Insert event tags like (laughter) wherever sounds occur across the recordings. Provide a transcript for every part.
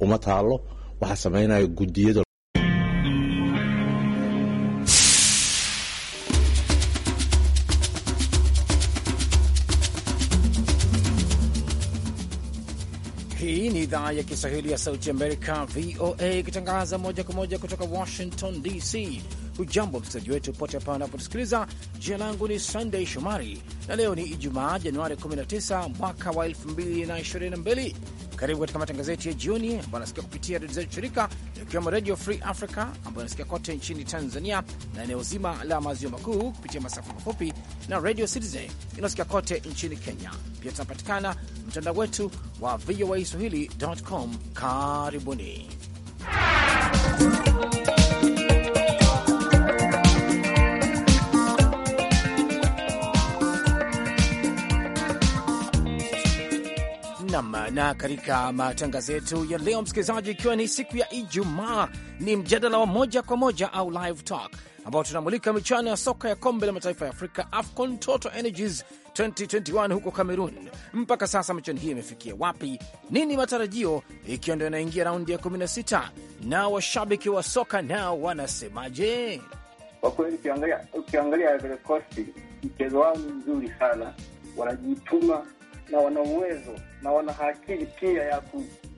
uma taalo waxaa samaynaya gudiyada Hii ni idhaa ya Kiswahili ya Sauti Amerika, VOA, ikitangaza moja kwa moja kutoka Washington DC. Hujambo msikilizaji wetu pote pale unapotusikiliza. Jina langu ni Sunday Shomari na leo ni Ijumaa, Januari 19 mwaka wa 2022 karibu katika matangazo yetu ya jioni ambayo anasikia kupitia redio zetu shirika, ikiwemo Redio Free Africa ambayo anasikia kote nchini Tanzania na eneo zima la maziwa makuu kupitia masafa mafupi na Radio Citizen inaosikia kote nchini Kenya. Pia tunapatikana mtandao wetu wa VOA Swahili.com. Karibuni Nam. Na katika matangazo yetu ya leo, msikilizaji, ikiwa ni siku ya Ijumaa, ni mjadala wa moja kwa moja au live talk, ambao tunamulika michuano ya soka ya kombe la mataifa ya Afrika, AFCON Total Energies 2021 huko Cameroon. Mpaka sasa michuano hii imefikia wapi? Nini matarajio, ikiwa ndio inaingia raundi ya 16? Na washabiki wa soka nao wanasemaje? Kwa kweli, ukiangalia ukiangalia, mchezo wao ni mzuri sana, wanajituma na wana uwezo na wana akili pia ya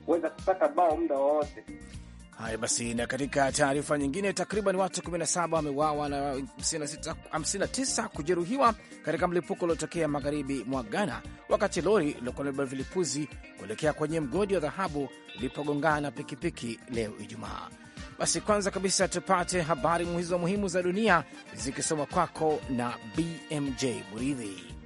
kuweza kupata bao muda wowote. Haya basi, na katika taarifa nyingine, takriban watu 17 wameuawa na 59 kujeruhiwa katika mlipuko uliotokea magharibi mwa Ghana wakati lori lilokuwa limebeba vilipuzi kuelekea kwenye mgodi wa dhahabu lilipogongana na pikipiki leo Ijumaa. Basi kwanza kabisa tupate habari hizo muhimu za dunia zikisoma kwako na BMJ Muridhi.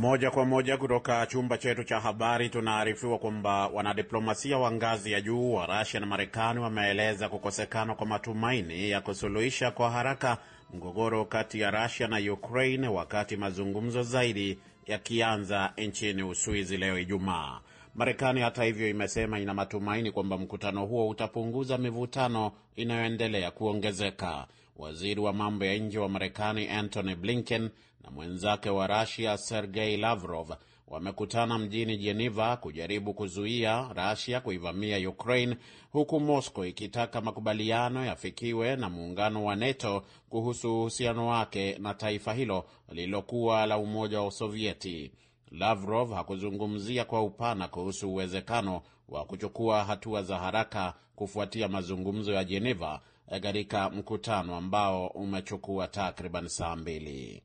Moja kwa moja kutoka chumba chetu cha habari tunaarifiwa kwamba wanadiplomasia wa ngazi ya juu wa rasia na Marekani wameeleza kukosekana kwa matumaini ya kusuluhisha kwa haraka mgogoro kati ya rasia na Ukraine wakati mazungumzo zaidi yakianza nchini Uswizi leo Ijumaa. Marekani hata hivyo, imesema ina matumaini kwamba mkutano huo utapunguza mivutano inayoendelea kuongezeka waziri wa mambo ya nje wa Marekani Antony Blinken na mwenzake wa Rusia Sergei Lavrov wamekutana mjini Jeneva kujaribu kuzuia Rusia kuivamia Ukraine, huku Moscow ikitaka makubaliano yafikiwe na muungano wa NATO kuhusu uhusiano wake na taifa hilo lililokuwa la Umoja wa Sovieti. Lavrov hakuzungumzia kwa upana kuhusu uwezekano wa kuchukua hatua za haraka kufuatia mazungumzo ya Jeneva katika mkutano ambao umechukua takriban saa mbili.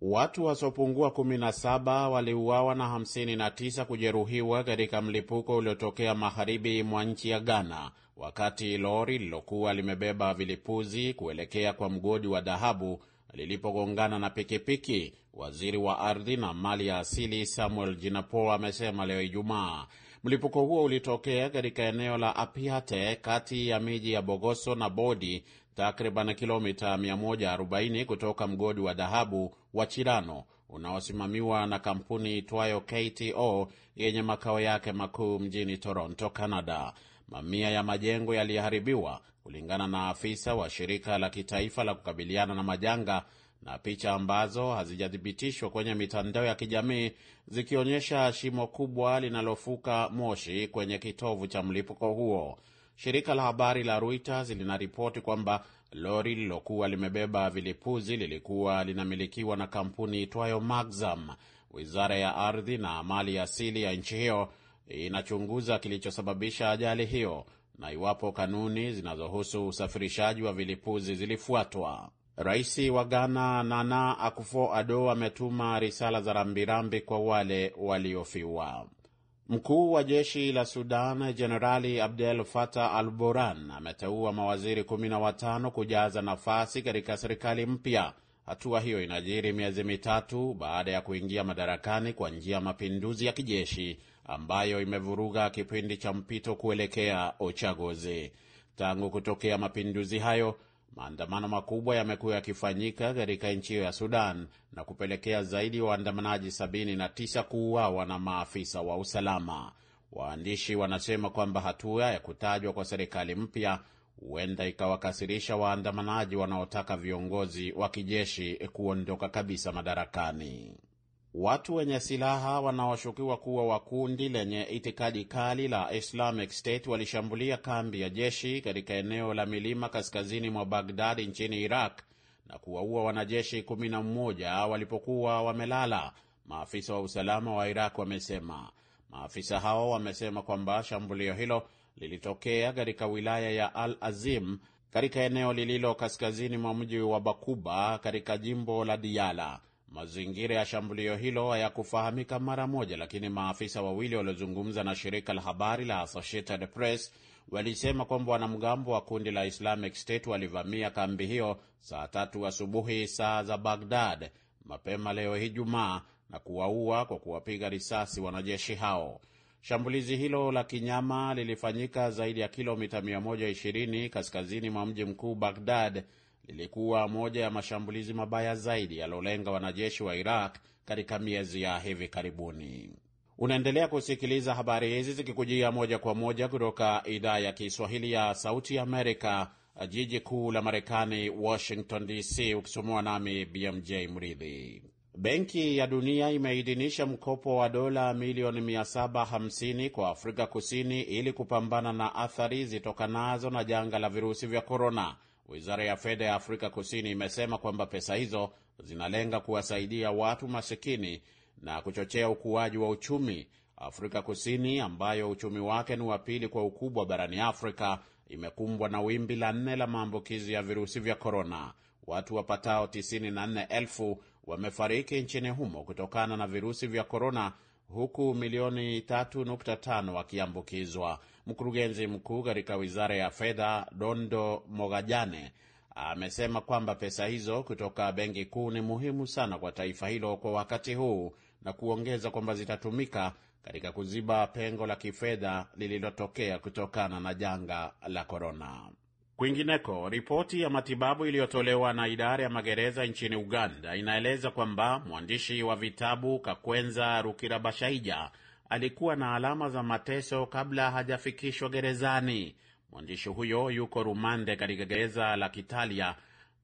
Watu wasiopungua 17 waliuawa na 59 kujeruhiwa katika mlipuko uliotokea magharibi mwa nchi ya Ghana wakati lori lilokuwa limebeba vilipuzi kuelekea kwa mgodi wa dhahabu lilipogongana na pikipiki. Waziri wa ardhi na mali ya asili Samuel Jinapo amesema leo Ijumaa Mlipuko huo ulitokea katika eneo la Apiate kati ya miji ya Bogoso na Bodi, takriban kilomita 140 kutoka mgodi wa dhahabu wa Chirano unaosimamiwa na kampuni itwayo KTO yenye makao yake makuu mjini Toronto, Canada. Mamia ya majengo yaliyoharibiwa kulingana na afisa wa shirika la kitaifa la kukabiliana na majanga na picha ambazo hazijathibitishwa kwenye mitandao ya kijamii zikionyesha shimo kubwa linalofuka moshi kwenye kitovu cha mlipuko huo. Shirika la habari la Reuters linaripoti kwamba lori lilokuwa limebeba vilipuzi lilikuwa linamilikiwa na kampuni itwayo Maxam. Wizara ya ardhi na mali asili ya nchi hiyo inachunguza kilichosababisha ajali hiyo na iwapo kanuni zinazohusu usafirishaji wa vilipuzi zilifuatwa. Rais wa Ghana Nana Akufo-Addo ametuma risala za rambirambi kwa wale waliofiwa. Mkuu wa jeshi la Sudan Jenerali Abdel Fattah al-Burhan ameteua mawaziri 15 kujaza nafasi katika serikali mpya. Hatua hiyo inajiri miezi mitatu baada ya kuingia madarakani kwa njia ya mapinduzi ya kijeshi ambayo imevuruga kipindi cha mpito kuelekea uchaguzi. Tangu kutokea mapinduzi hayo Maandamano makubwa yamekuwa yakifanyika katika nchi hiyo ya Sudan na kupelekea zaidi ya waandamanaji 79 kuuawa na maafisa wa usalama. Waandishi wanasema kwamba hatua ya kutajwa kwa serikali mpya huenda ikawakasirisha waandamanaji wanaotaka viongozi wa kijeshi kuondoka kabisa madarakani. Watu wenye silaha wanaoshukiwa kuwa wa kundi lenye itikadi kali la Islamic State walishambulia kambi ya jeshi katika eneo la milima kaskazini mwa Bagdadi nchini Iraq na kuwaua wanajeshi 11 walipokuwa wamelala, maafisa wa usalama wa Iraq wamesema. Maafisa hao wamesema kwamba shambulio hilo lilitokea katika wilaya ya Al Azim katika eneo lililo kaskazini mwa mji wa Bakuba katika jimbo la Diyala. Mazingira ya shambulio hilo hayakufahamika mara moja, lakini maafisa wawili waliozungumza na shirika la habari la Associated Press walisema kwamba wanamgambo wa kundi la Islamic State walivamia kambi hiyo saa tatu asubuhi saa za Baghdad mapema leo Ijumaa na kuwaua kwa kuwapiga risasi wanajeshi hao. Shambulizi hilo la kinyama lilifanyika zaidi ya kilomita 120 kaskazini mwa mji mkuu Baghdad lilikuwa moja ya mashambulizi mabaya zaidi yaliolenga wanajeshi wa Iraq katika miezi ya hivi karibuni. Unaendelea kusikiliza habari hizi zikikujia moja kwa moja kutoka idhaa ya Kiswahili ya Sauti Amerika, jiji kuu la Marekani, Washington DC, ukisomewa nami BMJ Mridhi. Benki ya Dunia imeidhinisha mkopo wa dola milioni 750 kwa Afrika Kusini ili kupambana na athari zitokanazo na janga la virusi vya korona. Wizara ya fedha ya Afrika Kusini imesema kwamba pesa hizo zinalenga kuwasaidia watu masikini na kuchochea ukuaji wa uchumi. Afrika Kusini ambayo uchumi wake ni wa pili kwa ukubwa barani Afrika imekumbwa na wimbi la nne la maambukizi ya virusi vya korona. Watu wapatao 94,000 wamefariki nchini humo kutokana na virusi vya korona, huku milioni 3.5 wakiambukizwa. Mkurugenzi mkuu katika wizara ya fedha Dondo Mogajane amesema kwamba pesa hizo kutoka benki kuu ni muhimu sana kwa taifa hilo kwa wakati huu na kuongeza kwamba zitatumika katika kuziba pengo la kifedha lililotokea kutokana na janga la korona. Kwingineko, ripoti ya matibabu iliyotolewa na idara ya magereza nchini Uganda inaeleza kwamba mwandishi wa vitabu Kakwenza Rukirabashaija alikuwa na alama za mateso kabla hajafikishwa gerezani. Mwandishi huyo yuko rumande katika gereza la Kitalia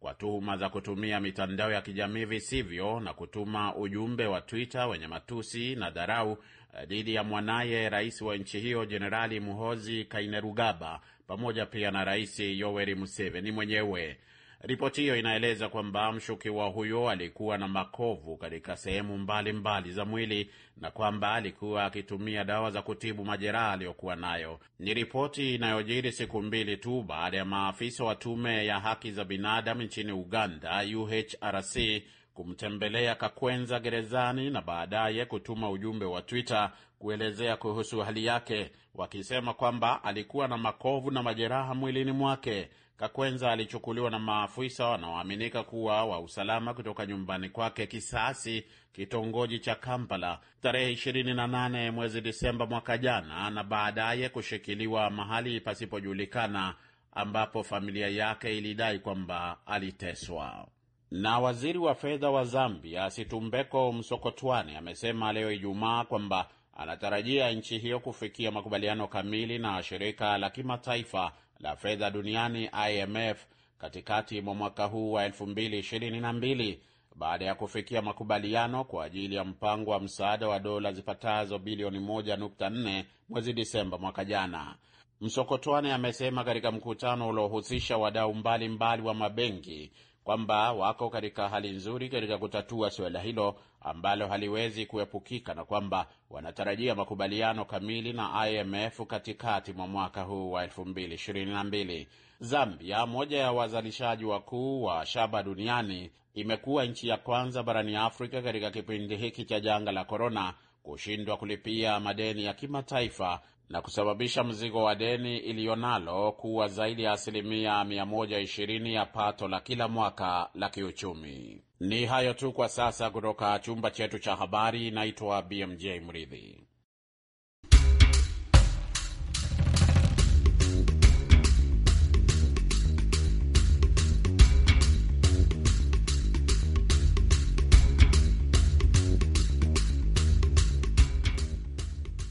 kwa tuhuma za kutumia mitandao ya kijamii visivyo na kutuma ujumbe wa Twitter wenye matusi na dharau eh, dhidi ya mwanaye rais wa nchi hiyo Jenerali Muhozi Kainerugaba pamoja pia na Rais Yoweri Museveni mwenyewe. Ripoti hiyo inaeleza kwamba mshukiwa huyo alikuwa na makovu katika sehemu mbalimbali mbali za mwili na kwamba alikuwa akitumia dawa za kutibu majeraha aliyokuwa nayo. Ni ripoti inayojiri siku mbili tu baada ya maafisa wa tume ya haki za binadamu nchini Uganda, UHRC, kumtembelea Kakwenza gerezani na baadaye kutuma ujumbe wa Twitter kuelezea kuhusu hali yake, wakisema kwamba alikuwa na makovu na majeraha mwilini mwake Kakwenza alichukuliwa na maafisa wanaoaminika kuwa wa usalama kutoka nyumbani kwake Kisasi, kitongoji cha Kampala, tarehe 28 mwezi Disemba mwaka jana, na baadaye kushikiliwa mahali pasipojulikana ambapo familia yake ilidai kwamba aliteswa. Na waziri wa fedha wa Zambia Situmbeko Msokotwani amesema leo Ijumaa kwamba anatarajia nchi hiyo kufikia makubaliano kamili na shirika la kimataifa la fedha duniani IMF katikati mwa mwaka huu wa 2022 baada ya kufikia makubaliano kwa ajili ya mpango wa msaada wa dola zipatazo bilioni 1.4 mwezi Disemba mwaka jana. Msokotwane amesema katika mkutano uliohusisha wadau mbalimbali wa mabenki kwamba wako katika hali nzuri katika kutatua suala hilo ambalo haliwezi kuepukika na kwamba wanatarajia makubaliano kamili na IMF katikati mwa mwaka huu wa 2022. Zambia, moja ya wazalishaji wakuu wa shaba duniani, imekuwa nchi ya kwanza barani Afrika katika kipindi hiki cha janga la korona kushindwa kulipia madeni ya kimataifa na kusababisha mzigo wa deni iliyonalo kuwa zaidi ya asilimia 120 ya pato la kila mwaka la kiuchumi. Ni hayo tu kwa sasa kutoka chumba chetu cha habari. Naitwa BMJ Mridhi.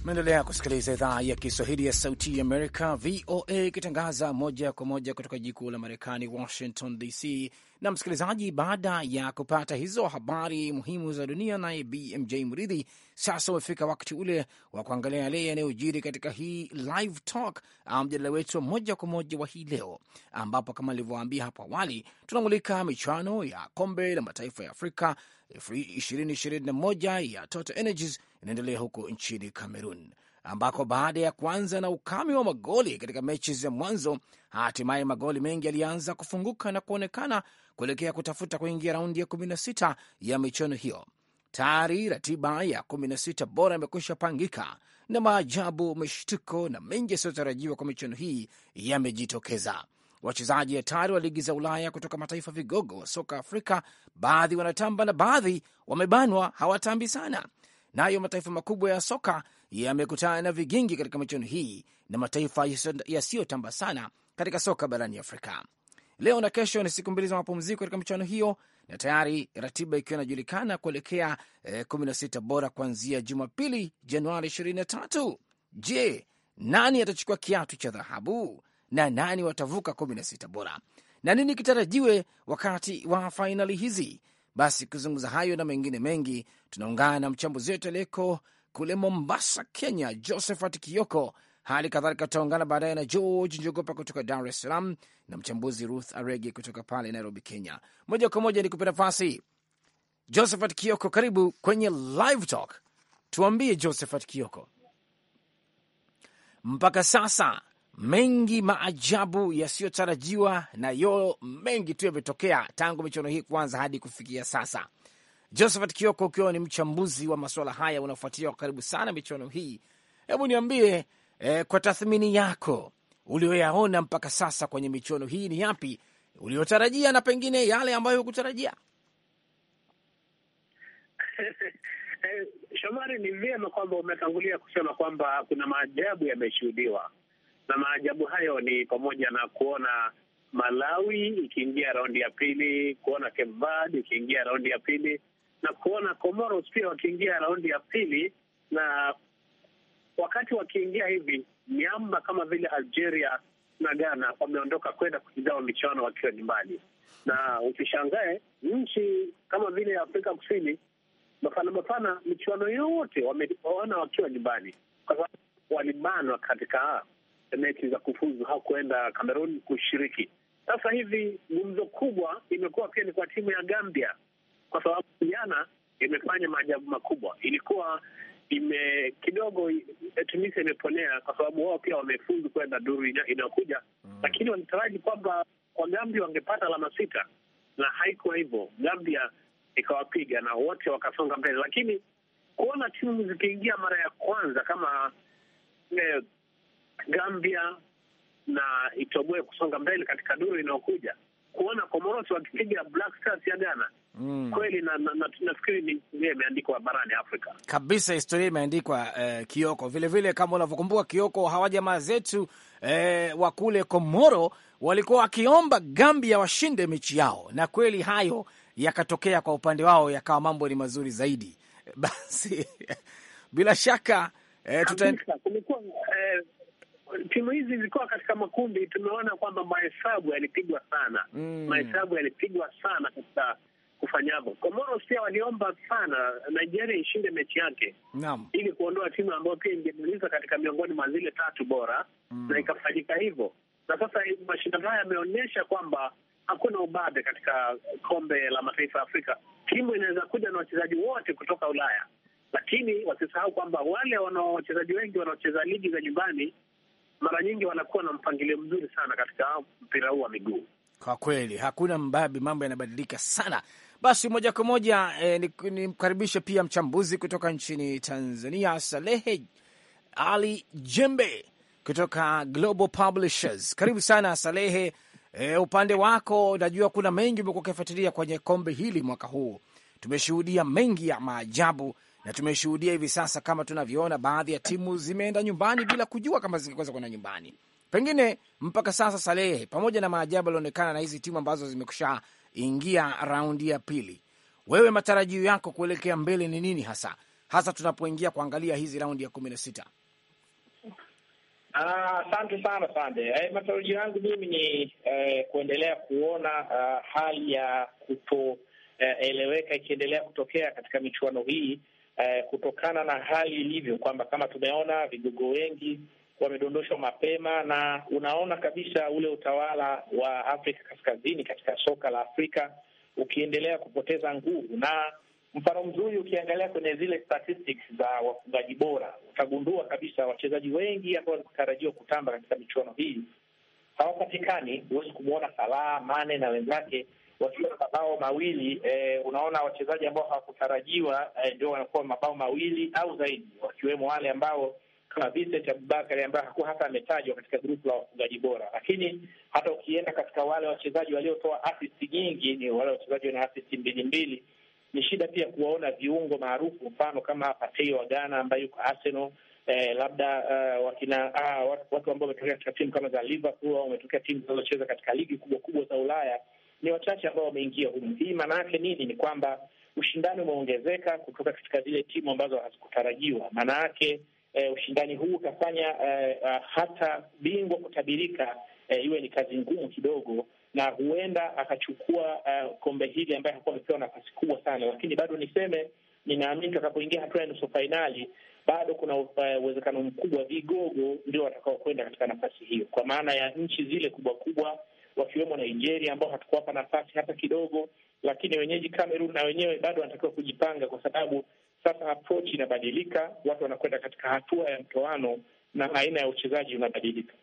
Maendelea kusikiliza idhaa ya Kiswahili ya Sauti ya Amerika, VOA, ikitangaza moja kwa moja kutoka jikuu la Marekani, Washington DC. Na msikilizaji, baada ya kupata hizo habari muhimu za dunia, naye BMJ Mridhi, sasa umefika wakati ule wa kuangalia yale yanayojiri katika hii live talk, mjadala wetu wa moja kwa moja wa hii leo, ambapo kama nilivyowaambia hapo awali, tunamulika michuano ya kombe la mataifa ya Afrika 2021 ya Total Energies inaendelea huko nchini Cameroon ambako baada ya kuanza na ukame wa magoli katika mechi za mwanzo, hatimaye magoli mengi yalianza kufunguka na kuonekana kuelekea kutafuta kuingia raundi ya kumi na sita ya michuano hiyo. Tayari ratiba ya sita bora imekwisha pangika na maajabu, mshtuko na mengi yasiyotarajiwa kwa michuano hii yamejitokeza. Wachezaji hatari wa ligi za Ulaya kutoka mataifa vigogo wa soka Afrika, baadhi wanatamba na baadhi wamebanwa, hawatambi sana. Nayo mataifa makubwa ya soka yamekutana na vigingi katika michuano hii na mataifa yasiyotamba sana katika soka barani Afrika. Leo na kesho ni siku mbili za mapumziko katika michuano hiyo, na tayari ratiba ikiwa inajulikana kuelekea eh, 16 bora kuanzia Jumapili Januari 23. Je, nani atachukua kiatu cha dhahabu na nani watavuka 16 bora na nini kitarajiwe wakati wa fainali hizi? Basi kuzungumza hayo na mengine mengi, tunaungana na mchambuzi wetu aliyeko kule Mombasa, Kenya, Josephat Kioko. Hali kadhalika tutaungana baadaye na George Njogopa kutoka Dar es Salaam na mchambuzi Ruth Arege kutoka pale Nairobi, Kenya. Moja kwa moja nikupe nafasi Josephat Kioko, karibu kwenye Live Talk. Tuambie Josephat Kioko, mpaka sasa mengi maajabu yasiyotarajiwa na yo mengi tu yametokea tangu michuano hii kuanza hadi kufikia sasa. Josephat Kioko, ukiwa ni mchambuzi wa masuala haya, unafuatilia kwa karibu sana michuano hii, hebu niambie eh, kwa tathmini yako ulioyaona mpaka sasa kwenye michuano hii ni yapi uliotarajia na pengine yale ambayo hukutarajia? (laughs) Shomari, ni vyema kwamba umetangulia kusema kwamba kuna maajabu yameshuhudiwa, na maajabu hayo ni pamoja na kuona Malawi ikiingia raundi ya pili, kuona Cape Verde ikiingia raundi ya pili, na kuona Comoros pia wakiingia raundi ya pili, na wakati wakiingia hivi miamba kama vile Algeria na Ghana wameondoka kwenda kutizama michuano wakiwa nyumbani, na usishangae nchi kama vile Afrika Kusini mafana mafana michuano yote wameona wakiwa nyumbani, kwa sababu walibanwa katika mechi za kufuzu, kuenda Kamerun kushiriki. Sasa hivi gumzo kubwa imekuwa pia ni kwa timu ya Gambia kwa sababu jana imefanya maajabu makubwa. Ilikuwa ime kidogo Tunisia imeponea kwa sababu wao pia wamefuzu kwenda duru inayokuja mm. Lakini walitaraji kwamba kwa Gambia wangepata alama sita na haikuwa hivyo. Gambia ikawapiga na wote wakasonga mbele, lakini kuona timu zikiingia mara ya kwanza kama eh, Gambia na Itobwe kusonga mbele katika duru inayokuja, kuona komorosi wakipiga Black Stars ya Ghana mm. Kweli na, na, na nafikiri ni historia imeandikwa barani Afrika kabisa, historia imeandikwa eh, Kioko vilevile vile, kama unavyokumbuka Kioko, hawa jamaa zetu eh, wa kule Komoro walikuwa wakiomba Gambia washinde mechi yao, na kweli hayo yakatokea kwa upande wao, yakawa mambo ni mazuri zaidi. (laughs) Basi bila shaka eh, tuta... kumekuwa eh, timu hizi zilikuwa katika makundi. Tumeona kwamba mahesabu yalipigwa sana mm. mahesabu yalipigwa sana katika kufanyavyo. Comoros pia waliomba sana Nigeria ishinde mechi yake naam, ili kuondoa timu ambayo pia ingemuliza katika miongoni mwa zile tatu bora mm, na ikafanyika hivyo. Na sasa mashindano haya yameonyesha kwamba hakuna ubabe katika kombe la mataifa ya Afrika. Timu inaweza kuja na wachezaji wote kutoka Ulaya, lakini wasisahau kwamba wale wana wachezaji wengi wanaocheza ligi za nyumbani mara nyingi wanakuwa na mpangilio mzuri sana katika mpira huu wa miguu. Kwa kweli hakuna mbabi, mambo yanabadilika sana basi moja kwa moja eh, nimkaribishe pia mchambuzi kutoka nchini Tanzania, Salehe Ali Jembe kutoka Global Publishers. Karibu sana Salehe. Eh, upande wako najua kuna mengi umekuwa ukifuatilia kwenye kombe hili mwaka huu. Tumeshuhudia mengi ya maajabu na tumeshuhudia hivi sasa, kama tunavyoona, baadhi ya timu zimeenda nyumbani bila kujua kama zingeweza kwenda nyumbani. Pengine mpaka sasa, Salehe, pamoja na maajabu yalionekana na hizi timu ambazo zimekusha ingia raundi ya pili. Wewe matarajio yako kuelekea mbele ni nini hasa hasa tunapoingia kuangalia hizi raundi ya kumi na sita? Ah, asante sana sande. Eh, matarajio yangu mimi ni eh, kuendelea kuona ah, hali ya kutoeleweka eh, ikiendelea kutokea katika michuano hii eh, kutokana na hali ilivyo kwamba kama tumeona vigogo wengi wamedondoshwa mapema, na unaona kabisa ule utawala wa Afrika Kaskazini katika soka la Afrika ukiendelea kupoteza nguvu. Na mfano mzuri ukiangalia kwenye zile statistics za wafungaji bora, utagundua kabisa wachezaji wengi ambao walikutarajiwa kutamba katika michuano hii hawapatikani. Huwezi kumwona Salah, Mane na wenzake wakiwa na mabao mawili eh, unaona wachezaji ambao hawakutarajiwa eh, ndio wanakuwa mabao mawili au zaidi, wakiwemo wale ambao Vincent Abubakari ambaye hakuwa hata ametajwa katika grupu la wafungaji bora, lakini hata ukienda katika wale wachezaji waliotoa asisti nyingi, ni wale wachezaji wana asisti mbili mbili, ni shida pia kuwaona viungo maarufu, mfano kama Patei wa Ghana ambaye yuko Arsenal. Eh, labda uh, wakina uh, watu ambao wametokea katika timu kama za Liverpool au wametokea timu zinazocheza katika ligi kubwa kubwa za Ulaya ni wachache ambao wameingia humu. Hii maana yake nini? Ni kwamba ushindani umeongezeka kutoka katika zile timu ambazo hazikutarajiwa. Maana yake eh, ushindani huu utafanya eh, e, hata bingwa kutabirika eh, iwe ni kazi ngumu kidogo, na huenda akachukua uh, kombe hili ambaye hakuwa amepewa nafasi kubwa sana, lakini bado niseme, ninaamini tutakapoingia hatua ya nusu fainali bado kuna e, uwezekano uh, mkubwa vigogo ndio watakaokwenda katika nafasi hiyo, kwa maana ya nchi zile kubwa kubwa wakiwemo Nigeria ambao hatukuwapa nafasi hata kidogo, lakini wenyeji Cameroon na wenyewe bado wanatakiwa kujipanga, kwa sababu sasa approach inabadilika, watu wanakwenda katika hatua ya mtoano na aina ya uchezaji unabadilika.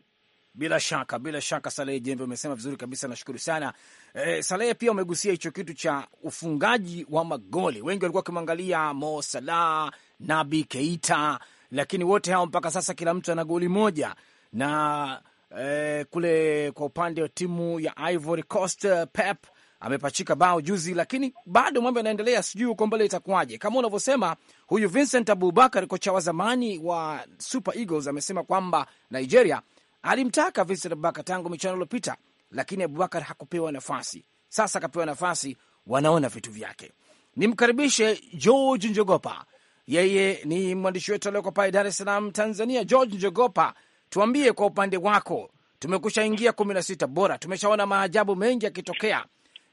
Bila shaka, bila shaka, Salehe Jembe, umesema vizuri kabisa, nashukuru sana. e, eh, Salehe, pia umegusia hicho kitu cha ufungaji wa magoli. Wengi walikuwa wakimwangalia Mo Salah, Nabi Keita, lakini wote hao mpaka sasa kila mtu ana goli moja na e, kule kwa upande wa timu ya Ivory Coast eh, Pep amepachika bao juzi, lakini bado mambo yanaendelea, sijui uko mbele itakuwaje. Kama unavyosema, huyu Vincent Abubakar, kocha wa zamani wa Super Eagles, amesema kwamba Nigeria alimtaka Vincent Abubakar tangu michuano iliyopita, lakini Abubakar hakupewa nafasi. Sasa akapewa nafasi, wanaona vitu vyake. Nimkaribishe George Njogopa, yeye ni mwandishi wetu alioko pale Dar es Salaam, Tanzania. George Njogopa, tuambie kwa upande wako, tumekusha ingia kumi na sita bora, tumeshaona maajabu mengi yakitokea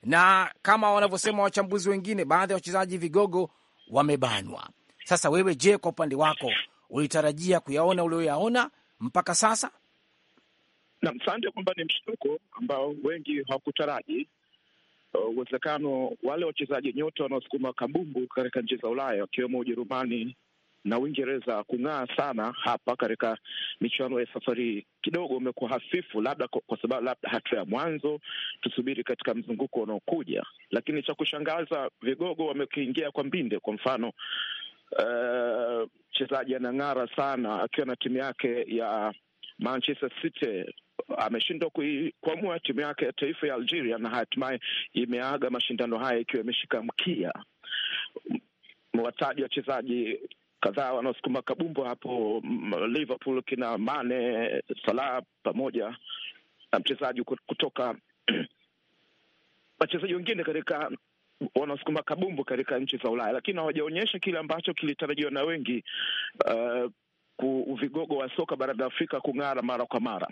na kama wanavyosema wachambuzi wengine, baadhi ya wachezaji vigogo wamebanwa. Sasa wewe, je, kwa upande wako ulitarajia kuyaona ulioyaona mpaka sasa? nam sande kwamba ni mshtuko ambao wengi hawakutaraji uh, uwezekano wale wachezaji nyota wanaosukuma kabumbu katika nchi za Ulaya wakiwemo Ujerumani, na Uingereza kung'aa sana hapa katika michuano ya safari kidogo umekuwa hafifu, labda kwa sababu labda hatua ya mwanzo, tusubiri katika mzunguko unaokuja. Lakini cha kushangaza vigogo wamekiingia kwa mbinde. Kwa mfano eh, mchezaji uh, anang'ara sana akiwa na timu yake ya Manchester City ameshindwa kuikwamua timu yake ya taifa ya Algeria na hatimaye imeaga mashindano haya ikiwa imeshika mkia. Wataji wachezaji kadhaa wanaosukuma kabumbu hapo Liverpool, kina Mane, Salah pamoja na mchezaji kutoka (clears throat) wachezaji wengine katika wanaosukuma kabumbu katika nchi za Ulaya, lakini hawajaonyesha kile ambacho kilitarajiwa na wengi uh, uvigogo wa soka barani Afrika kung'ara mara kwa mara.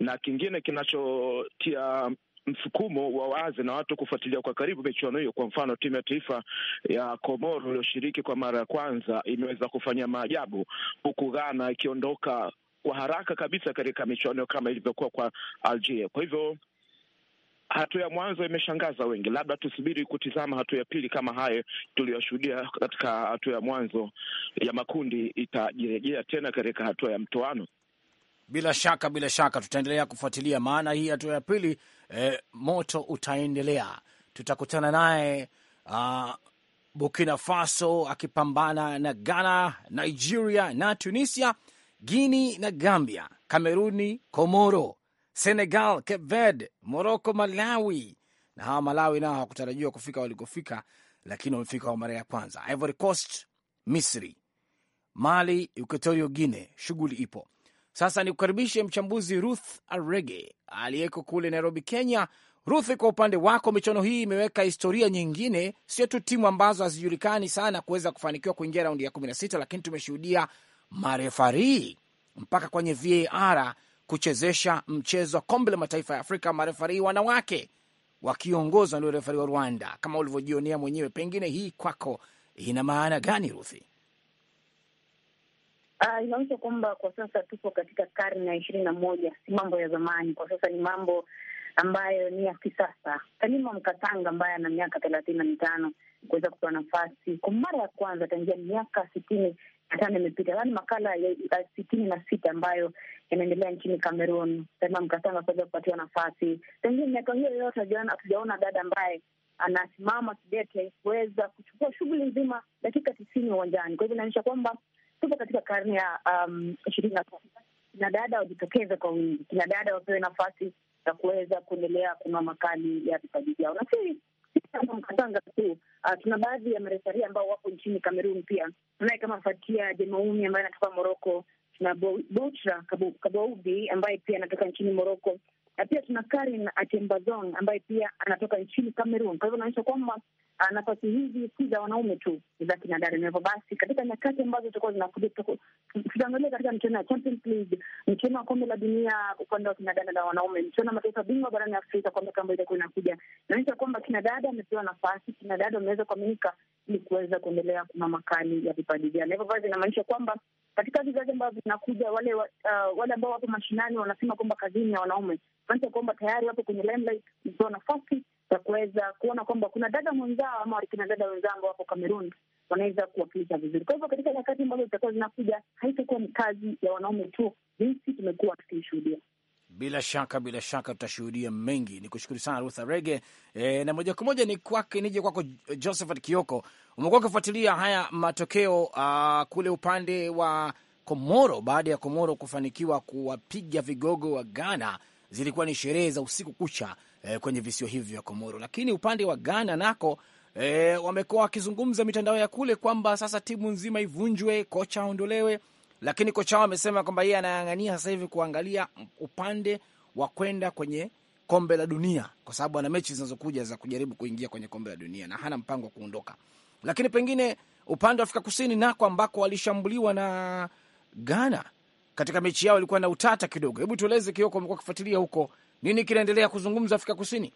Na kingine kinachotia msukumo wa wazi na watu kufuatilia kwa karibu michuano hiyo. Kwa mfano, timu ya taifa ya Komoro iliyoshiriki kwa mara ya kwanza imeweza kufanya maajabu, huku Ghana ikiondoka kwa haraka kabisa katika michuano kama ilivyokuwa kwa Algeria. Kwa hivyo hatua ya mwanzo imeshangaza wengi, labda tusubiri kutizama hatua ya pili kama hayo tuliyoshuhudia katika hatua ya mwanzo ya makundi itajirejea tena katika hatua ya mtoano. Bila shaka, bila shaka tutaendelea kufuatilia, maana hii hatua ya pili eh, moto utaendelea. Tutakutana naye uh, Burkina Faso akipambana na Ghana, Nigeria na Tunisia, Guini na Gambia, Kameruni, Komoro, Senegal, Cape Verde, Moroko, Malawi na hawa Malawi nao hawakutarajiwa kufika walikofika, lakini wamefika kwa mara ya kwanza. Ivory Coast, Misri, Mali, Equatorial Guinea, shughuli ipo. Sasa ni kukaribishe mchambuzi Ruth Arege aliyeko kule Nairobi, Kenya. Ruth, kwa upande wako, michuano hii imeweka historia nyingine, sio tu timu ambazo hazijulikani sana kuweza kufanikiwa kuingia raundi ya kumi na sita, lakini tumeshuhudia marefarii mpaka kwenye VAR kuchezesha mchezo wa kombe la mataifa ya Afrika, marefarii wanawake wakiongozwa ndio refari wa Rwanda. Kama ulivyojionea mwenyewe, pengine hii kwako ina maana gani Ruthi? Uh, inaonyesha kwamba kwa sasa tupo katika karne ya ishirini na moja, si mambo ya zamani. Kwa sasa ni mambo ambayo ni ya kisasa. Salima Mkatanga ambaye ana miaka thelathini na mitano kuweza kupewa nafasi kwa mara ya kwanza tangia miaka sitini na tano imepita, yaani makala ya sitini na sita ambayo yanaendelea nchini Cameroon. Salima Mkatanga kuweza kupatiwa nafasi tangia miaka hiyo yote hatujaona dada ambaye anasimama kidete kuweza kuchukua shughuli nzima dakika tisini uwanjani. Kwa hivyo inaonyesha kwamba tuko katika karne ya um, ishirini na saba. Kina dada wajitokeze kwa wingi, kina dada wapewe nafasi ya kuweza kuendelea kuna makali ya vipaji vyao, na si Mkatanga tu. Uh, tuna baadhi ya marefaria ambao wapo nchini Kamerun pia, unaye kama Fatia jemaumi ambaye anatoka Moroko, tuna Boutra Kaboubi ambaye pia anatoka nchini Moroko na pia tuna Karin Atembazon ambaye pia anatoka nchini Cameroon. Kwa hivyo inaonyesha kwamba ah, nafasi hizi si za wanaume tu, ni za kina dada. Na hivyo basi, katika nyakati ambazo tutakuwa zinakuja, tutaangalia katika mchuano ya Champions League, mchuano wa kombe la dunia upande wa kina dada na wanaume, mchuano wa mataifa bingwa barani Afrika, kwa miaka ambayo itakuwa inakuja, inaonyesha kwamba kina dada amepewa nafasi, kina dada wameweza kuaminika ili kuweza kuendelea makali ya vipaji vyao, na hivyo basi inamaanisha kwamba katika vizazi ambavyo vinakuja, wale uh, wale ambao wapo mashinani wanasema kwamba kazini ya wanaume maanisha kwamba tayari wapo kwenye limelight, nafasi ya kuweza kuona kwamba kuna dada mwenzao ama kina dada wenzao ambao wapo Kamerun wanaweza kuwakilisha vizuri. Kwa hivyo katika nyakati ambazo zitakuwa zinakuja, haitakuwa ni kazi ya wanaume tu, jinsi tumekuwa tukiishuhudia. Bila shaka bila shaka tutashuhudia mengi. Ni kushukuru sana Ruth Rege. e, na moja kwa moja ni kwake, nije kwako Josephat Kioko. Umekuwa ukifuatilia haya matokeo uh, kule upande wa Komoro baada ya Komoro kufanikiwa kuwapiga vigogo wa Ghana, zilikuwa ni sherehe za usiku kucha e, kwenye visio hivi vya Komoro, lakini upande wa Ghana nako e, wamekuwa wakizungumza mitandao ya kule kwamba sasa timu nzima ivunjwe, kocha aondolewe lakini kocha wao amesema kwamba yeye anaangania sasa hivi kuangalia upande wa kwenda kwenye kombe la dunia, kwa sababu ana mechi zinazokuja za kujaribu kuingia kwenye kombe la dunia na hana mpango wa kuondoka. Lakini pengine upande wa Afrika Kusini nako ambako walishambuliwa na Ghana katika mechi yao ilikuwa na utata kidogo. Hebu tueleze, Kioko, umekuwa ukifuatilia huko, nini kinaendelea kuzungumza Afrika Kusini?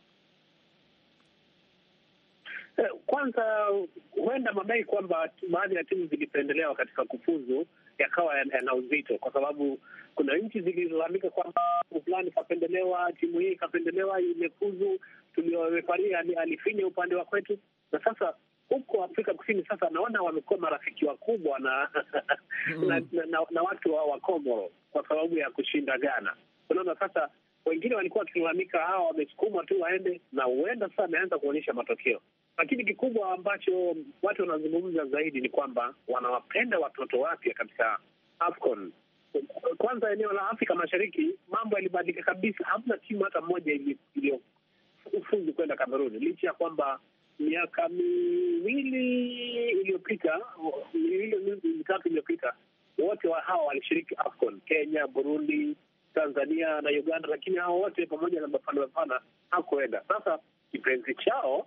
Eh, kwanza huenda madai kwamba baadhi ya timu zilipendelewa katika kufuzu yakawa yana uzito, kwa sababu kuna nchi zililalamika kwamba timu fulani ikapendelewa, timu hii ikapendelewa, imefuzu, tuliorefaria alifinya upande wa kwetu. Na sasa huko Afrika Kusini sasa naona wamekuwa marafiki wakubwa na, mm. na, na, na na watu wa Wakomoro kwa sababu ya kushinda Ghana. Unaona sasa wengine walikuwa wakilalamika hawa wamesukumwa tu waende, na huenda sasa ameanza kuonyesha matokeo. Lakini kikubwa ambacho watu wanazungumza zaidi ni kwamba wanawapenda watoto wapya katika AFCON. Kwanza eneo la Afrika Mashariki mambo yalibadilika kabisa, hamna timu hata moja iliyofuzu kwenda Kameruni, licha ya kwamba miaka miwili iliyopita, miwili mitatu iliyopita, wote wa hawa walishiriki AFCON: Kenya, Burundi, Tanzania na Uganda, lakini hawa wote pamoja na Bafana Bafana hakuenda. Sasa kipenzi chao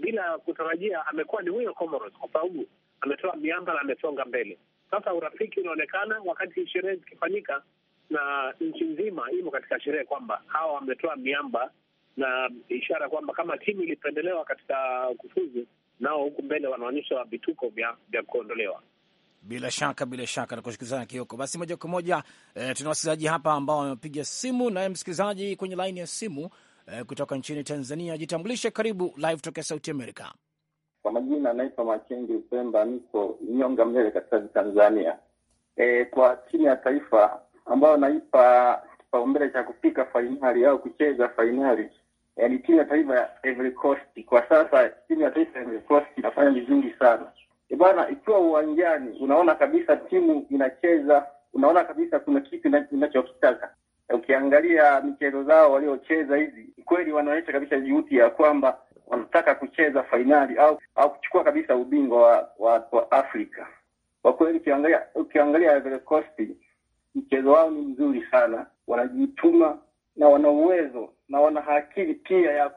bila kutarajia, amekuwa ni huyo Comoros kwa sababu ametoa miamba na amesonga mbele. Sasa urafiki unaonekana wakati sherehe zikifanyika, na nchi nzima imo katika sherehe kwamba hawa wametoa miamba, na ishara kwamba kama timu ilipendelewa katika kufuzu, nao huku mbele wanaonyesha vituko vya kuondolewa. Bila shaka bila shaka, nakushukuru sana Kioko. Basi moja kwa moja eh, tuna wasikilizaji hapa ambao wamepiga simu, naye msikilizaji kwenye laini ya simu Eh, kutoka nchini Tanzania. Jitambulishe, karibu live ya Sauti Amerika. Kwa majina anaitwa Makengi Upemba, niko Nyonga Mlele, Katavi, Tanzania. E, kwa timu ya taifa ambayo naipa kipaumbele cha kufika fainali au kucheza fainali e, ni timu ya taifa ya Ivory Coast. Kwa sasa timu ya taifa ya Ivory Coast inafanya vizuri sana e, bana, ikiwa uwanjani unaona kabisa timu inacheza, unaona kabisa kuna kitu inachokitaka ukiangalia michezo zao waliocheza hizi, kweli wanaonyesha kabisa juhudi ya kwamba wanataka kucheza fainali au au kuchukua kabisa ubingwa wa, wa, wa Afrika. Kwa kweli ukiangalia ukiangalia Ivory Coast, mchezo wao ni mzuri sana, wanajituma na wana uwezo na wana akili pia ya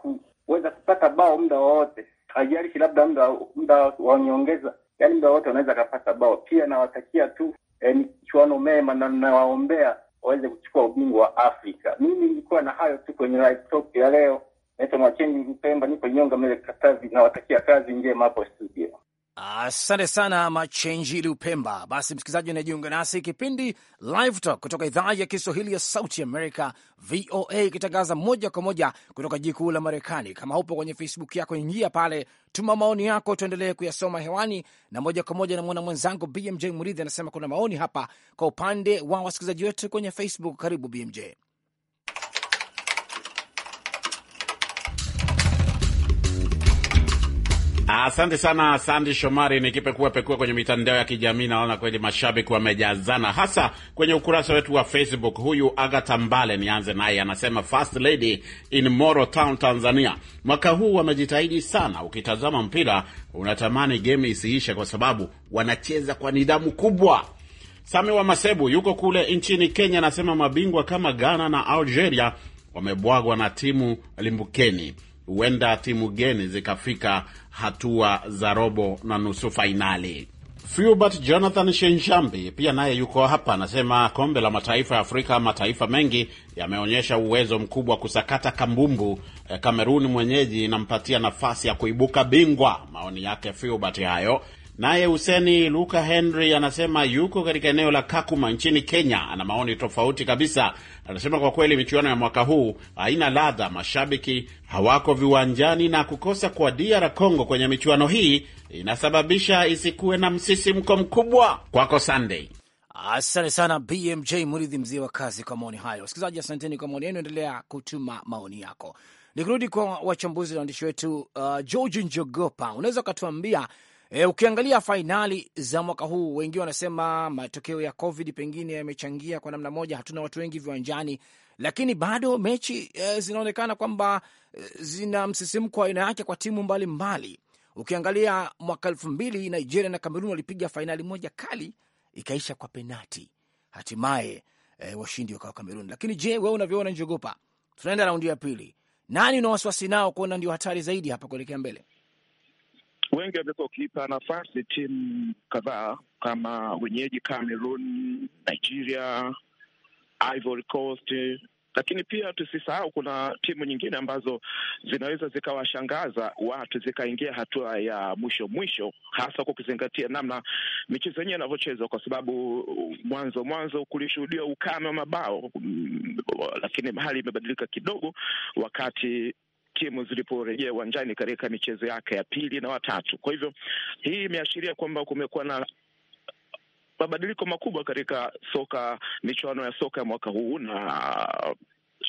kuweza kupata bao muda wowote, haijalishi labda muda muda wanyongeza, yani muda wowote wanaweza akapata bao. Pia nawatakia tu eh, michuano mema na nawaombea waweze kuchukua ubingwa wa Afrika. Mimi nilikuwa na hayo tu kwenye live talk ya leo. Naitwa Mwacheni Mpemba, niko Nyonga Mbele Katavi, nawatakia kazi njema hapo studio. Asante sana Machenji Lupemba. Basi msikilizaji unajiunga nasi, kipindi Live Talk kutoka idhaa ya Kiswahili ya Sauti Amerika, VOA, ikitangaza moja kwa moja kutoka jiji kuu la Marekani. Kama upo kwenye Facebook yako, ingia pale, tuma maoni yako, tuendelee kuyasoma hewani. Na moja kwa moja namwona mwenzangu BMJ Muridhi anasema kuna maoni hapa kwa upande wa wasikilizaji wetu kwenye Facebook. Karibu BMJ. Asante sana Sandi Shomari. Nikipekua pekua kwenye mitandao ya kijamii, naona kweli mashabiki wamejazana, hasa kwenye ukurasa wetu wa Facebook. Huyu Agata Mbale, nianze naye, anasema First Lady in Moro Town, Tanzania, mwaka huu wamejitahidi sana. Ukitazama mpira unatamani game isiishe, kwa sababu wanacheza kwa nidhamu kubwa. Sami wa Masebu yuko kule nchini Kenya, anasema mabingwa kama Ghana na Algeria wamebwagwa na timu limbukeni huenda timu geni zikafika hatua za robo na nusu fainali. Fubert Jonathan Shenshambi pia naye yuko hapa, anasema kombe la mataifa ya Afrika, mataifa mengi yameonyesha uwezo mkubwa wa kusakata kambumbu. Kameruni eh, mwenyeji inampatia nafasi ya kuibuka bingwa. Maoni yake Fubert hayo. Naye Huseni Luka Henry anasema yuko katika eneo la Kakuma nchini Kenya. Ana maoni tofauti kabisa, anasema kwa kweli michuano ya mwaka huu haina ladha, mashabiki hawako viwanjani na kukosa kwa DR Congo kwenye michuano hii inasababisha isikuwe na msisimko mkubwa. Kwako Sunday. Asante sana BMJ Muridhi, mzee wa kazi, kwa maoni hayo. Wasikilizaji, asanteni kwa maoni yenu, endelea kutuma maoni yako. Nikirudi kwa wachambuzi na waandishi wetu, uh, George Njogopa, unaweza ukatuambia E, ukiangalia fainali za mwaka huu, wengi wanasema matokeo ya COVID pengine yamechangia kwa namna moja, hatuna watu wengi viwanjani, lakini bado mechi e, zinaonekana kwamba e, zina msisimko wa aina yake kwa timu mbalimbali mbali. Ukiangalia mwaka elfu mbili Nigeria na Kamerun walipiga fainali moja kali ikaisha kwa penati, hatimaye e, washindi wakawa Kamerun. Lakini je, wewe unavyoona, njogopa, tunaenda raundi ya pili, nani una wasiwasi nao kuona ndio hatari zaidi hapa kuelekea mbele? wengi wamekuwa wakiipa nafasi timu kadhaa kama wenyeji Cameroon, Nigeria, Ivory Coast, lakini pia tusisahau kuna timu nyingine ambazo zinaweza zikawashangaza watu zikaingia hatua ya mwisho mwisho, hasa kwa kuzingatia namna michezo yenyewe inavyochezwa, kwa sababu mwanzo mwanzo kulishuhudia ukame wa mabao, mm, lakini hali imebadilika kidogo wakati timu ziliporejea uwanjani katika michezo yake ya pili na watatu. Kwa hivyo hii imeashiria kwamba kumekuwa na mabadiliko makubwa katika soka, michuano ya soka ya mwaka huu na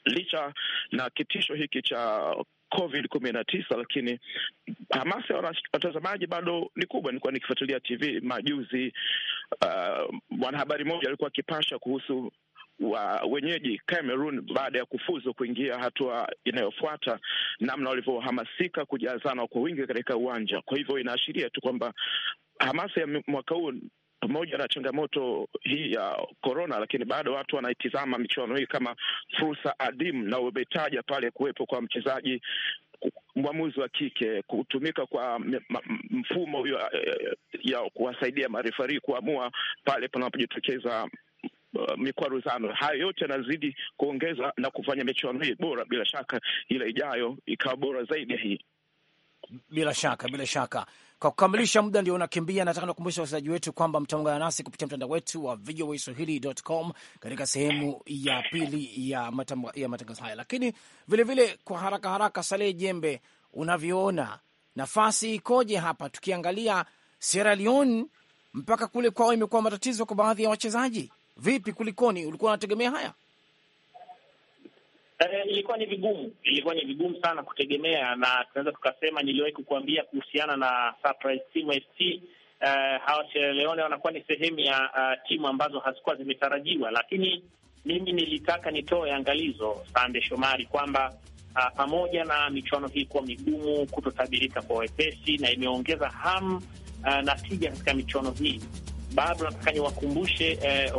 licha na kitisho hiki cha Covid kumi na tisa, lakini hamasa ya watazamaji bado ni kubwa. Nilikuwa nikifuatilia TV majuzi, uh, mwanahabari uh, mmoja alikuwa akipasha kuhusu wa wenyeji Cameroon baada ya kufuzu kuingia hatua inayofuata, namna walivyohamasika kujazana kwa wingi katika uwanja. Kwa hivyo inaashiria tu kwamba hamasa ya mwaka huu pamoja na changamoto hii ya korona, lakini bado watu wanaitizama michuano hii kama fursa adimu, na umetaja pale kuwepo kwa mchezaji mwamuzi wa kike kutumika kwa mfumo ya, ya kuwasaidia marefarii kuamua pale panapojitokeza uh, mikwaruzano. Hayo yote yanazidi kuongeza na kufanya michuano hii bora, bila shaka ile ijayo ikawa bora zaidi ya hii. Bila shaka, bila shaka. Kwa kukamilisha, muda ndio unakimbia. Nataka nakumbusha wasikilizaji wetu kwamba mtaungana nasi kupitia mtandao wetu wa voaswahili.com katika sehemu ya pili ya, matamba, ya matangazo haya, lakini vilevile vile kwa haraka haraka, Salehe Jembe, unavyoona nafasi ikoje hapa? Tukiangalia Sierra Leone mpaka kule kwao imekuwa matatizo kwa baadhi ya wachezaji Vipi, kulikoni? Ulikuwa unategemea haya? Uh, ilikuwa ni vigumu, ilikuwa ni vigumu sana kutegemea, na tunaweza tukasema, niliwahi kukuambia kuhusiana na Surprise Team Uh, hawa Sierra Leone wanakuwa ni sehemu ya uh, timu ambazo hazikuwa zimetarajiwa, lakini mimi nilitaka nitoe angalizo, Sande Shomari, kwamba uh, pamoja na michuano hii kuwa migumu, kutotabirika kwa wepesi, na imeongeza hamu uh, na tija katika michuano hii bado nataka niwakumbushe eh,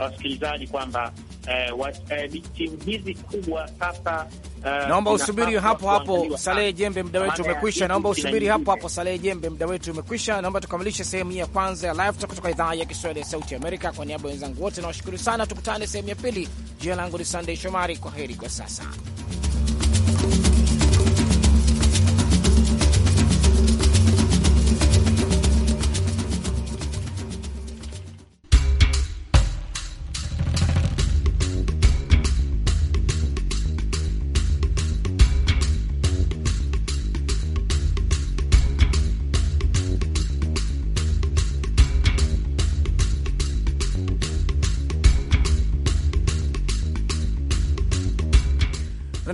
wasikilizaji kwamba eh, eh, timu hizi kubwa sasa. Uh, Naomba usubiri hapo hapo, Salehe Jembe, muda wetu umekwisha. Naomba usubiri hapo hapo, Salehe Jembe, muda wetu umekwisha. Naomba tukamilishe sehemu hii ya kwanza ya Live Talk kutoka idhaa ya Kiswahili ya Sauti Amerika. Kwa niaba ya wenzangu wote nawashukuru sana, tukutane sehemu ya pili. Jina langu ni Sunday Shomari, kwa heri kwa sasa.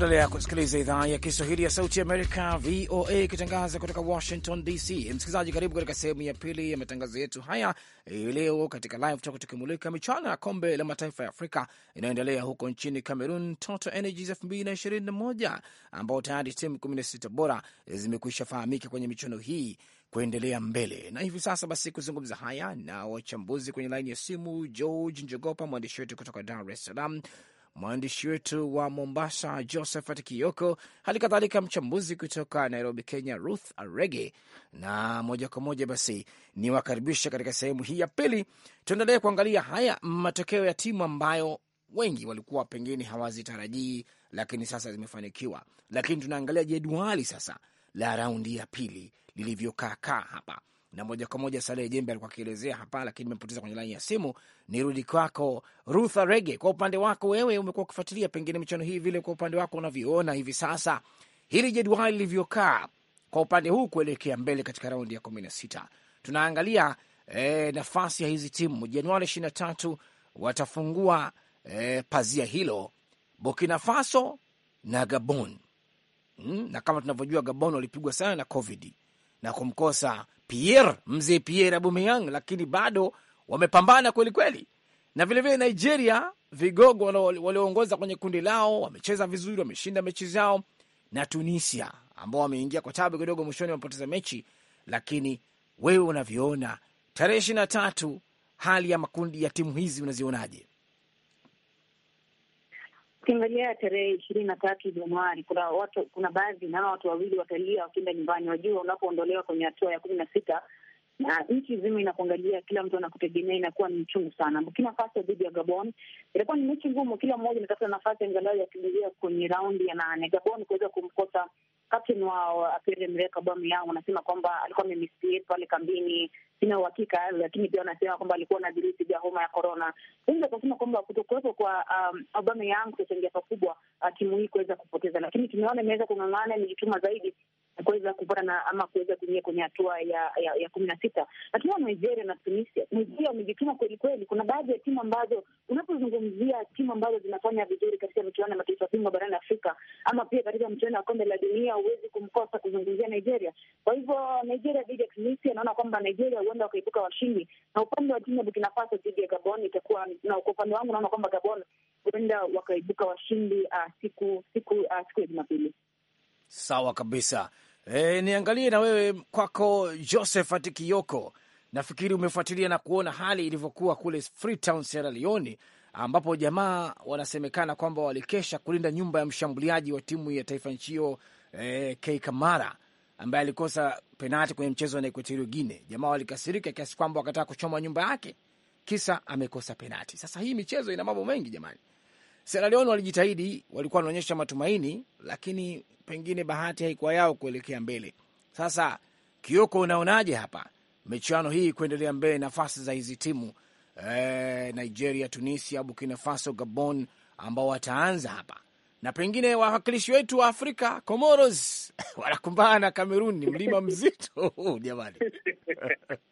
Unaendelea kusikiliza idhaa ya Kiswahili ya Sauti Amerika, VOA, ikitangaza kutoka Washington DC. Msikilizaji, karibu katika sehemu ya pili ya matangazo yetu haya eh, leo katika Live Talk, tukimulika michuano ya kombe la mataifa ya Afrika inayoendelea huko nchini Cameroon, Total Energies 2021 ambao tayari timu 16 bora eh, zimekwisha fahamika kwenye michuano hii kuendelea mbele. Na hivi sasa basi, kuzungumza haya na wachambuzi kwenye laini ya simu, George Njogopa, mwandishi wetu kutoka Dar es Salaam, mwandishi wetu wa Mombasa Josephat Kioko, hali kadhalika mchambuzi kutoka Nairobi, Kenya, Ruth Arege. Na moja kwa moja basi ni wakaribisha katika sehemu hii ya pili, tuendelee kuangalia haya matokeo ya timu ambayo wengi walikuwa pengine hawazitarajii, lakini sasa zimefanikiwa. Lakini tunaangalia jedwali sasa la raundi ya pili lilivyokaakaa hapa na moja kwa moja Salehe Jembe alikuwa akielezea hapa, lakini nimepoteza kwenye laini ya simu. Nirudi kwako Ruth Rege, kwa upande wako wewe umekuwa ukifuatilia pengine michano hii vile, kwa upande wako unavyoona hivi sasa hili jedwali lilivyokaa kwa upande huu kuelekea mbele katika raundi ya kumi na sita tunaangalia e, nafasi ya hizi timu. Januari ishirini na tatu watafungua e, pazia hilo Burkina Faso na Gabon mm, na kama tunavyojua Gabon walipigwa sana na COVID na kumkosa Pierre mzee Pierre Aubameyang, lakini bado wamepambana kweli kweli. Na vilevile Nigeria, vigogo walioongoza kwenye kundi lao wamecheza vizuri, wameshinda mechi zao, na Tunisia ambao wameingia kwa tabu kidogo mwishoni, wamepoteza mechi. Lakini wewe unavyoona tarehe ishirini na tatu, hali ya makundi ya timu hizi unazionaje? Ukiangalia tarehe ishirini na tatu Januari, kuna watu, kuna baadhi na watu wawili watalia wakienda nyumbani, wajua unapoondolewa kwenye hatua ya kumi na sita na nchi zima inakuangalia, kila mtu anakutegemea, inakuwa ni chungu sana. Burkina Faso dhidi ya Gabon ilikuwa ni mechi ngumu, kila mmoja inatafuta nafasi angalau ya kuingia kwenye raundi ya nane. Gabon kuweza kumkosa captain wao Pierre Emerick Aubameyang, wanasema kwamba alikuwa amemisie pale kambini, sina uhakika, lakini pia wanasema kwamba alikuwa na virusi vya homa ya korona. Wengi wakasema kwamba kutokuwepo kwa um, Aubameyang kutachangia pakubwa uh, timu hii kuweza kupoteza, lakini tumeona imeweza kung'ang'ana, imejituma zaidi kuweza kuvana ama kuweza kuingia kwenye hatua ya ya, ya kumi na sita. Lakini tunaona Nigeria na Tunisia, Nigeria wamejituma kweli kweli. Kuna baadhi ya timu ambazo unapozungumzia timu ambazo zinafanya vizuri katika michuano ya mataifa bingwa barani Afrika ama pia katika mchuano wa kombe la dunia, huwezi kumkosa kuzungumzia Nigeria. Kwa hivyo Nigeria dhidi ya Tunisia, naona kwamba Nigeria huenda wakaibuka washindi, na upande wa timu ya Burkina Faso dhidi ya Gabon itakuwa na, kwa upande wangu naona kwamba Gabon huenda wakaibuka washindi uh, siku siku uh, siku ya Jumapili. Sawa kabisa. E, niangalie na wewe kwako Josephat Kioko, nafikiri umefuatilia na kuona hali ilivyokuwa kule Freetown, Sierra Leone, ambapo jamaa wanasemekana kwamba walikesha kulinda nyumba ya mshambuliaji wa timu ya taifa nchi hiyo e, K Kamara ambaye alikosa penati kwenye mchezo na Equatorial Guine. Jamaa walikasirika kiasi kwamba wakataka kuchoma nyumba yake kisa amekosa penati. Sasa hii michezo ina mambo mengi jamani. Sierra Leone walijitahidi, walikuwa wanaonyesha matumaini, lakini pengine bahati haikuwa yao kuelekea mbele. Sasa Kioko, unaonaje hapa michuano hii kuendelea mbele, nafasi za hizi timu e, Nigeria, Tunisia, Burkina Faso, Gabon ambao wataanza hapa na pengine wawakilishi wetu wa Afrika Comoros (coughs) wanakumbana na Kamerun. Ni mlima mzito (laughs) oh, jamani.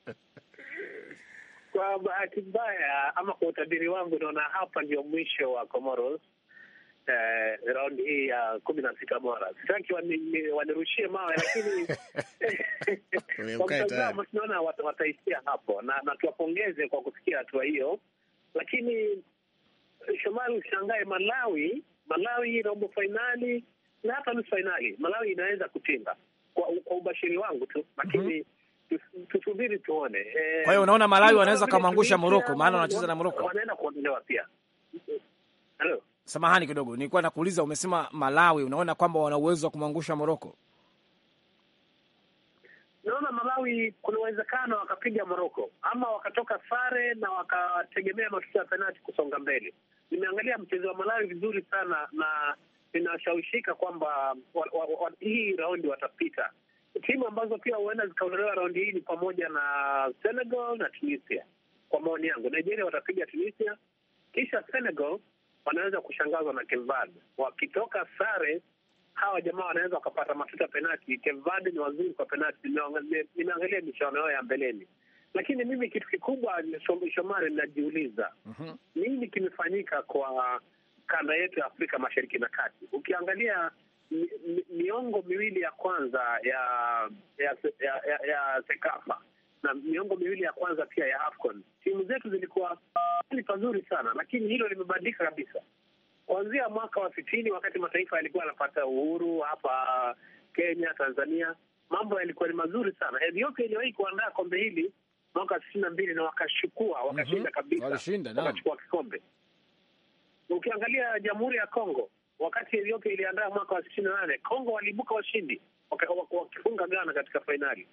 (laughs) Kwa bahati mbaya ama kwa utabiri wangu, naona hapa ndio mwisho wa Comoros eh, raundi hii ya uh, kumi na sita bora. Sitaki wanirushie mawe, lakini (laughs) kwa mtazamo tunaona wataishia hapo, na, na tuwapongeze kwa kufikia hatua hiyo, lakini Shomari, ushangae Malawi, Malawi robo fainali na hata nusu fainali Malawi inaweza kutinga kwa, kwa ubashiri wangu tu, lakini mm-hmm. Tusubiri tuone. Eh, kwa hiyo unaona Malawi wanaweza kamwangusha Moroko, maana wanacheza na Moroko, wanaenda kuondolewa pia. Samahani kidogo, nilikuwa nakuuliza, umesema Malawi, unaona kwamba wana uwezo wa kumwangusha Moroko? Naona Malawi kuna uwezekano wakapiga Moroko ama wakatoka sare na wakategemea mafuta ya penati kusonga mbele. Nimeangalia mchezo wa Malawi vizuri sana na inashawishika kwamba wa, wa, wa, hii raundi watapita. Timu ambazo pia huenda zikaondolewa raundi hii ni pamoja na Senegal na Tunisia. Kwa maoni yangu, Nigeria watapiga Tunisia, kisha Senegal wanaweza kushangazwa na Kevad. Wakitoka sare, hawa jamaa wanaweza wakapata matuta penati. Kevad ni wazuri kwa penati, nimeangalia michuano yao ya mbeleni. Lakini mimi kitu kikubwa, Shomari, ninajiuliza uh mhm. -huh. nini kimefanyika kwa kanda yetu ya Afrika Mashariki na Kati? Ukiangalia miongo miwili ya kwanza ya ya, ya, ya, ya, ya Sekafa na miongo miwili ya kwanza pia ya AFCON timu zetu zilikuwa hali pazuri sana, lakini hilo limebadilika kabisa kuanzia mwaka wa sitini wakati mataifa yalikuwa yanapata uhuru hapa Kenya, Tanzania, mambo yalikuwa ni mazuri sana. Ethiopia iliwahi kuandaa kombe hili mwaka sitini na mbili na wakashukua, mhm. wakashinda mm kabisa, wakachukua kikombe. Ukiangalia Jamhuri ya Kongo, wakati Ethiopia iliandaa mwaka wa sitini na nane Kongo waliibuka washindi wakifunga Ghana katika fainali.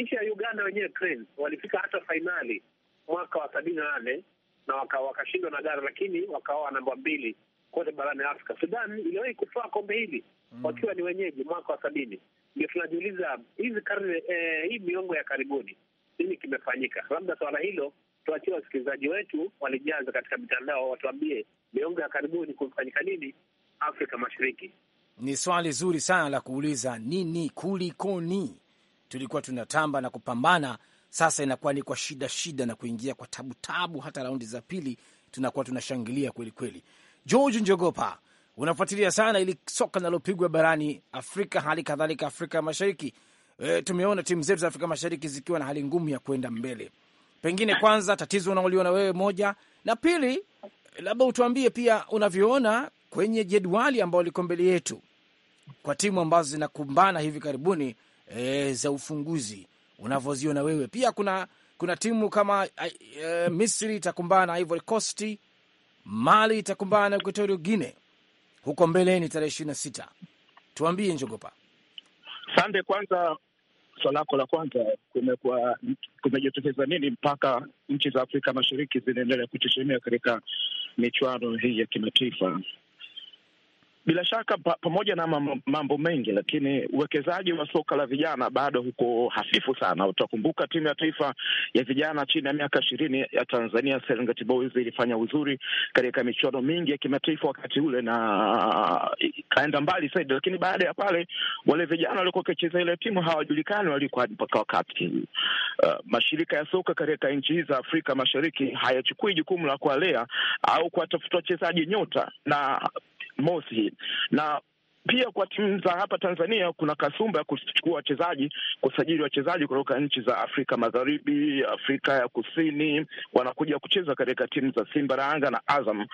Nchi ya Uganda wenyewe Cranes walifika hata fainali mwaka wa sabini na nane na wakashindwa na Ghana, lakini wakaoa namba mbili kote barani Afrika. Sudan iliwahi kutoa kombe hili mm, wakiwa ni wenyeji mwaka wa sabini. Ndio tunajiuliza hizi karne eh, hii miongo ya karibuni nini kimefanyika? Labda swala hilo tuachie wasikilizaji wetu walijaza katika mitandao watuambie miongo ya karibuni kumefanyika nini Afrika Mashariki. Ni swali zuri sana la kuuliza, nini kulikoni? tulikuwa tunatamba na kupambana, sasa inakuwa ni kwa shida shida na kuingia kwa tabu tabu, hata raundi za pili tunakuwa tunashangilia kweli kweli. George Njogopa, unafuatilia sana ili soka linalopigwa barani Afrika, hali kadhalika Afrika Mashariki. E, tumeona timu zetu za Afrika Mashariki zikiwa na hali ngumu ya kwenda mbele. Pengine kwanza tatizo unaoliona wewe moja, na pili labda utuambie pia unavyoona kwenye jedwali ambao liko mbele yetu kwa timu ambazo zinakumbana hivi karibuni e, za ufunguzi unavyoziona wewe. Pia kuna kuna timu kama eh, e, Misri itakumbana na Ivory Coast, Mali itakumbana na Equatorial Guinea huko mbeleni tarehe ishirini na sita. Tuambie Njogopa. Sande, kwanza swala lako la kwanza, kumekuwa kumejitokeza nini mpaka nchi za Afrika Mashariki zinaendelea kuchechemea katika michuano hii ya kimataifa? Bila shaka pa, pamoja na mambo mengi, lakini uwekezaji wa soka la vijana bado huko hafifu sana. Utakumbuka timu ya taifa ya vijana chini ya miaka ishirini ya Tanzania Serengeti Boys ilifanya uzuri katika michuano mingi ya kimataifa wakati ule na ikaenda mbali zaidi, lakini baada ya pale wale vijana walikuwa wakicheza ile timu hawajulikani walikuwa hadi mpaka wakati Uh, mashirika ya soka katika nchi za Afrika Mashariki hayachukui jukumu la kuwalea au kuwatafuta wachezaji nyota na mosi na pia kwa timu za hapa Tanzania kuna kasumba ya kuchukua wachezaji, kusajili wachezaji kutoka nchi za Afrika Magharibi, Afrika ya Kusini, wanakuja kucheza katika timu za Simba, Yanga na Azam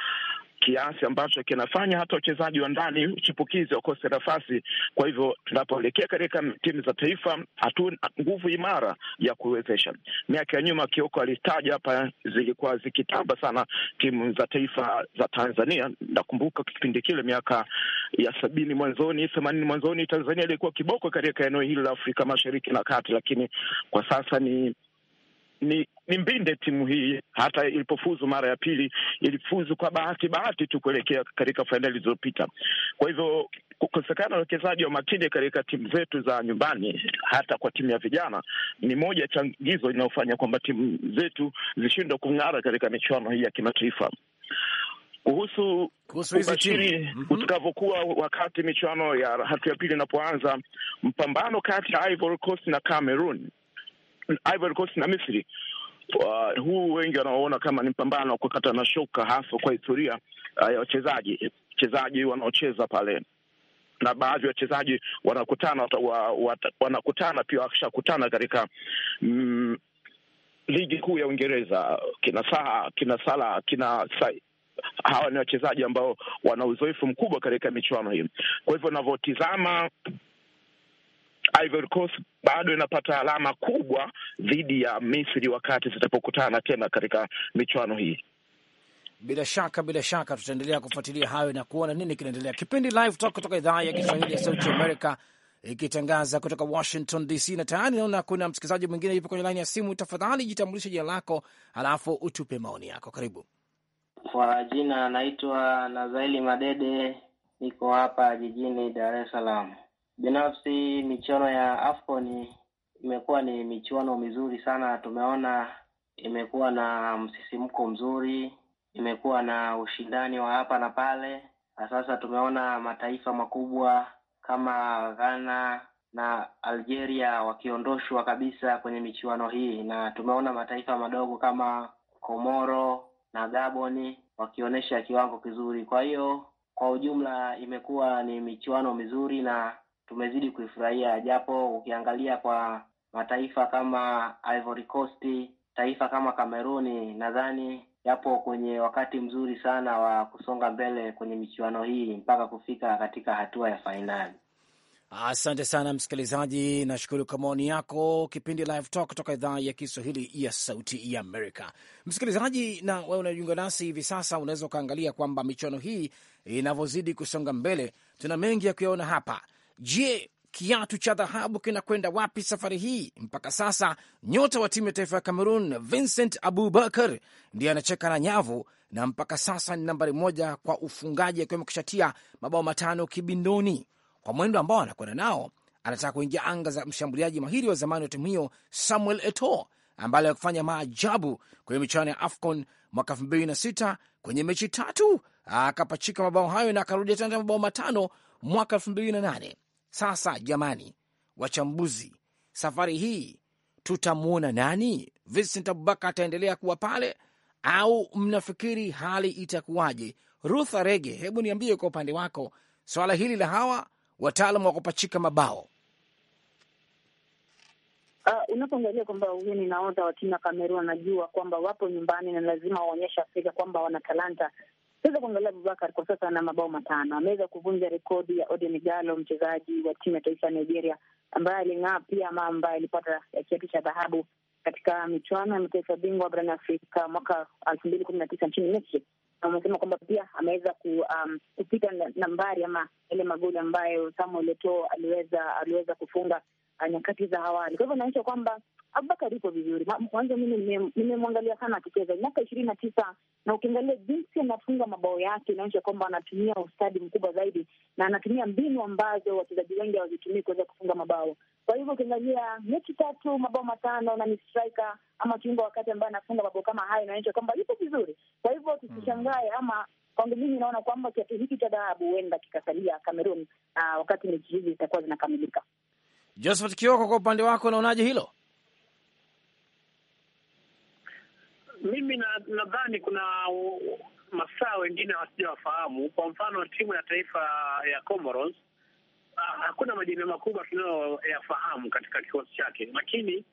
kiasi ambacho kinafanya hata wachezaji wa ndani chipukizi wakose nafasi. Kwa hivyo tunapoelekea katika timu za taifa, hatuna nguvu imara ya kuwezesha. Miaka ya nyuma Kioko alitaja hapa, zilikuwa zikitamba sana timu za taifa za Tanzania. Nakumbuka kipindi kile miaka ya sabini mwanzoni, themanini mwanzoni, Tanzania ilikuwa kiboko katika eneo hili la Afrika Mashariki na Kati, lakini kwa sasa ni ni ni mbinde timu hii, hata ilipofuzu mara ya pili ilifuzu kwa bahati bahati tu kuelekea katika fainali zilizopita. Kwa hivyo kukosekana uwekezaji wa makini katika timu zetu za nyumbani, hata kwa timu ya vijana, ni moja changizo inayofanya kwamba timu zetu zishindwa kung'ara katika michuano hii ya kimataifa. Kuhusu ubashiri mhm. utakavyokuwa wakati michuano ya hatua ya pili inapoanza, mpambano kati ya Ivory Coast na Cameroon Ivory Coast na Misri. Uh, huu wengi wanaoona kama ni mpambano wa kukata na shoka, hasa kwa historia uh, ya wachezaji wachezaji wanaocheza pale na baadhi ya wachezaji wanakutana wa, wa, wanakutana pia wakishakutana katika mm, ligi kuu ya Uingereza kina Saha kina Sala kina Sa, hawa ni wachezaji ambao wana uzoefu mkubwa katika michuano hii. Kwa hivyo navyotizama Ivory Coast bado inapata alama kubwa dhidi ya Misri wakati zitapokutana tena katika michuano hii. Bila shaka bila shaka tutaendelea kufuatilia hayo na kuona nini kinaendelea. Kipindi Live Talk kutoka idhaa ya Kiswahili ya Sauti Amerika ikitangaza kutoka Washington DC, na tayari naona kuna msikilizaji mwingine yupo kwenye laini ya simu. Tafadhali jitambulishe jina lako, halafu utupe maoni yako. Karibu. Kwa jina naitwa Nazaili Madede, niko hapa jijini Dar es Salaam. Binafsi, michuano ya AFCON imekuwa ni michuano mizuri sana. Tumeona imekuwa na msisimko mzuri, imekuwa na ushindani wa hapa na pale, na sasa tumeona mataifa makubwa kama Ghana na Algeria wakiondoshwa kabisa kwenye michuano hii, na tumeona mataifa madogo kama Komoro na Gaboni wakionyesha kiwango kizuri. Kwa hiyo kwa ujumla imekuwa ni michuano mizuri na tumezidi kuifurahia, japo ukiangalia kwa mataifa kama Ivory Coast, taifa kama Kameruni, nadhani yapo kwenye wakati mzuri sana wa kusonga mbele kwenye michuano hii mpaka kufika katika hatua ya fainali. Asante sana msikilizaji, nashukuru kwa maoni yako. Kipindi Live Talk kutoka idhaa ya Kiswahili ya Sauti ya Amerika. Msikilizaji, na wewe unajiunga nasi hivi sasa, unaweza ukaangalia kwamba michuano hii inavyozidi kusonga mbele, tuna mengi ya kuyaona hapa. Je, kiatu cha dhahabu kinakwenda wapi safari hii? Mpaka sasa nyota wa timu ya taifa ya Cameroon Vincent Abubakar ndiye anacheka na nyavu, na mpaka sasa ni nambari moja kwa ufungaji akiwa amekishatia mabao matano kibindoni. Kwa mwendo ambao anakwenda nao, anataka kuingia anga za mshambuliaji mahiri wa zamani wa timu hiyo Samuel Eto'o ambaye alikufanya maajabu kwenye michuano ya AFCON mwaka elfu mbili na sita kwenye mechi tatu akapachika mabao hayo na akarudia tena mabao matano mwaka nane. Sasa jamani, wachambuzi, safari hii tutamwona nani? Vincent Abubakar ataendelea kuwa pale au mnafikiri hali itakuwaje? Ruth Arege, hebu niambie kwa upande wako swala hili la hawa wataalam wa kupachika mabao. Uh, unapoangalia kwamba huyu ni nahodha wa timu ya Kamerun anajua kwamba wapo nyumbani na lazima waonyeshe Afrika kwamba wana talanta Tuweza kuangalia Abubakar kwa sasa ana mabao matano. Ameweza kuvunja rekodi ya Odion Igalo, mchezaji wa timu ya taifa ya Nigeria ambaye aling'aa pia ama ambaye alipata kiatu cha dhahabu katika michuano ya mataifa bingwa barani Afrika mwaka elfu mbili kumi na tisa nchini Misri, Amesema kwamba pia ameweza kupita um, nambari ama yale magoli ambayo Samuel Eto'o aliweza aliweza kufunga uh, nyakati za awali. Kwa hivyo inaonyesha kwamba Abubakar yuko vizuri, mwanzo mimi nimemwangalia sana akicheza miaka ishirini na tisa, na ukiangalia jinsi anafunga mabao yake inaonyesha kwamba anatumia ustadi mkubwa zaidi na anatumia mbinu ambazo wachezaji wengi hawazitumii kuweza kufunga mabao. Kwa hivyo ukiangalia mechi tatu mabao matano na ni striker ama kiungo, wakati ambaye anafunga mabao kama hayo inaonyesha kwamba yuko vizuri. Kwa hivyo tusishangae hmm. ama kwangu mimi naona kwamba kiatu hiki cha dhahabu huenda kikasalia Cameroon, wakati mechi hizi zitakuwa zinakamilika. Josephat Kioko, kwa upande wako unaonaje hilo? Mimi nadhani na kuna masaa wengine wasijawafahamu. Kwa mfano timu ya taifa ya Comoros, ah, hakuna majina makubwa tunayoyafahamu katika kikosi chake, lakini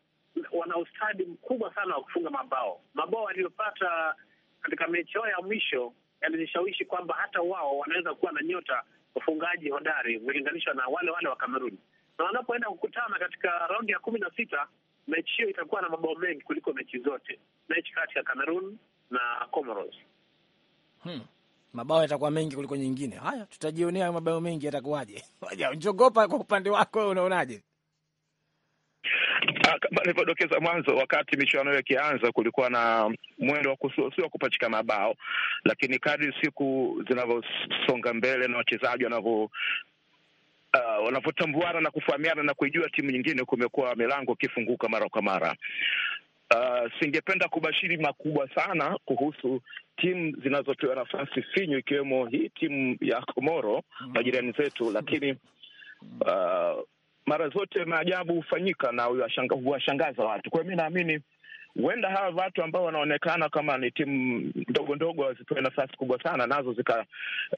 wana ustadi mkubwa sana wa kufunga mabao. Mabao waliyopata katika mechi yao ya mwisho yalishawishi kwamba hata wao wanaweza kuwa na nyota wafungaji hodari ukilinganishwa na wale wale wa Kameruni, na wanapoenda kukutana katika raundi ya kumi na sita mechi hiyo itakuwa na mabao mengi kuliko mechi zote, mechi kati ya Cameroon na Comoros. Hmm, mabao yatakuwa mengi kuliko nyingine. Haya, tutajionea mabao mengi yatakuwaje. (laughs) Njogopa, kwa upande wako wewe unaonaje? Ah, kama nilivyodokeza mwanzo, wakati michuano hiyo ikianza, kulikuwa na mwendo wa kusuasua kupachika mabao, lakini kadri siku zinavyosonga mbele na wachezaji wanavyo uh, wanavyotambuana na kufahamiana na kuijua timu nyingine, kumekuwa milango ikifunguka mara kwa mara. Uh, singependa kubashiri makubwa sana kuhusu timu zinazopewa nafasi finyu, ikiwemo hii timu ya Komoro, mm. majirani zetu, lakini mm. uh, mara zote maajabu hufanyika na huwashangaza watu. Kwa hiyo mi naamini huenda hawa watu ambao wanaonekana kama ni timu ndogo ndogo zipewe nafasi kubwa sana, nazo zika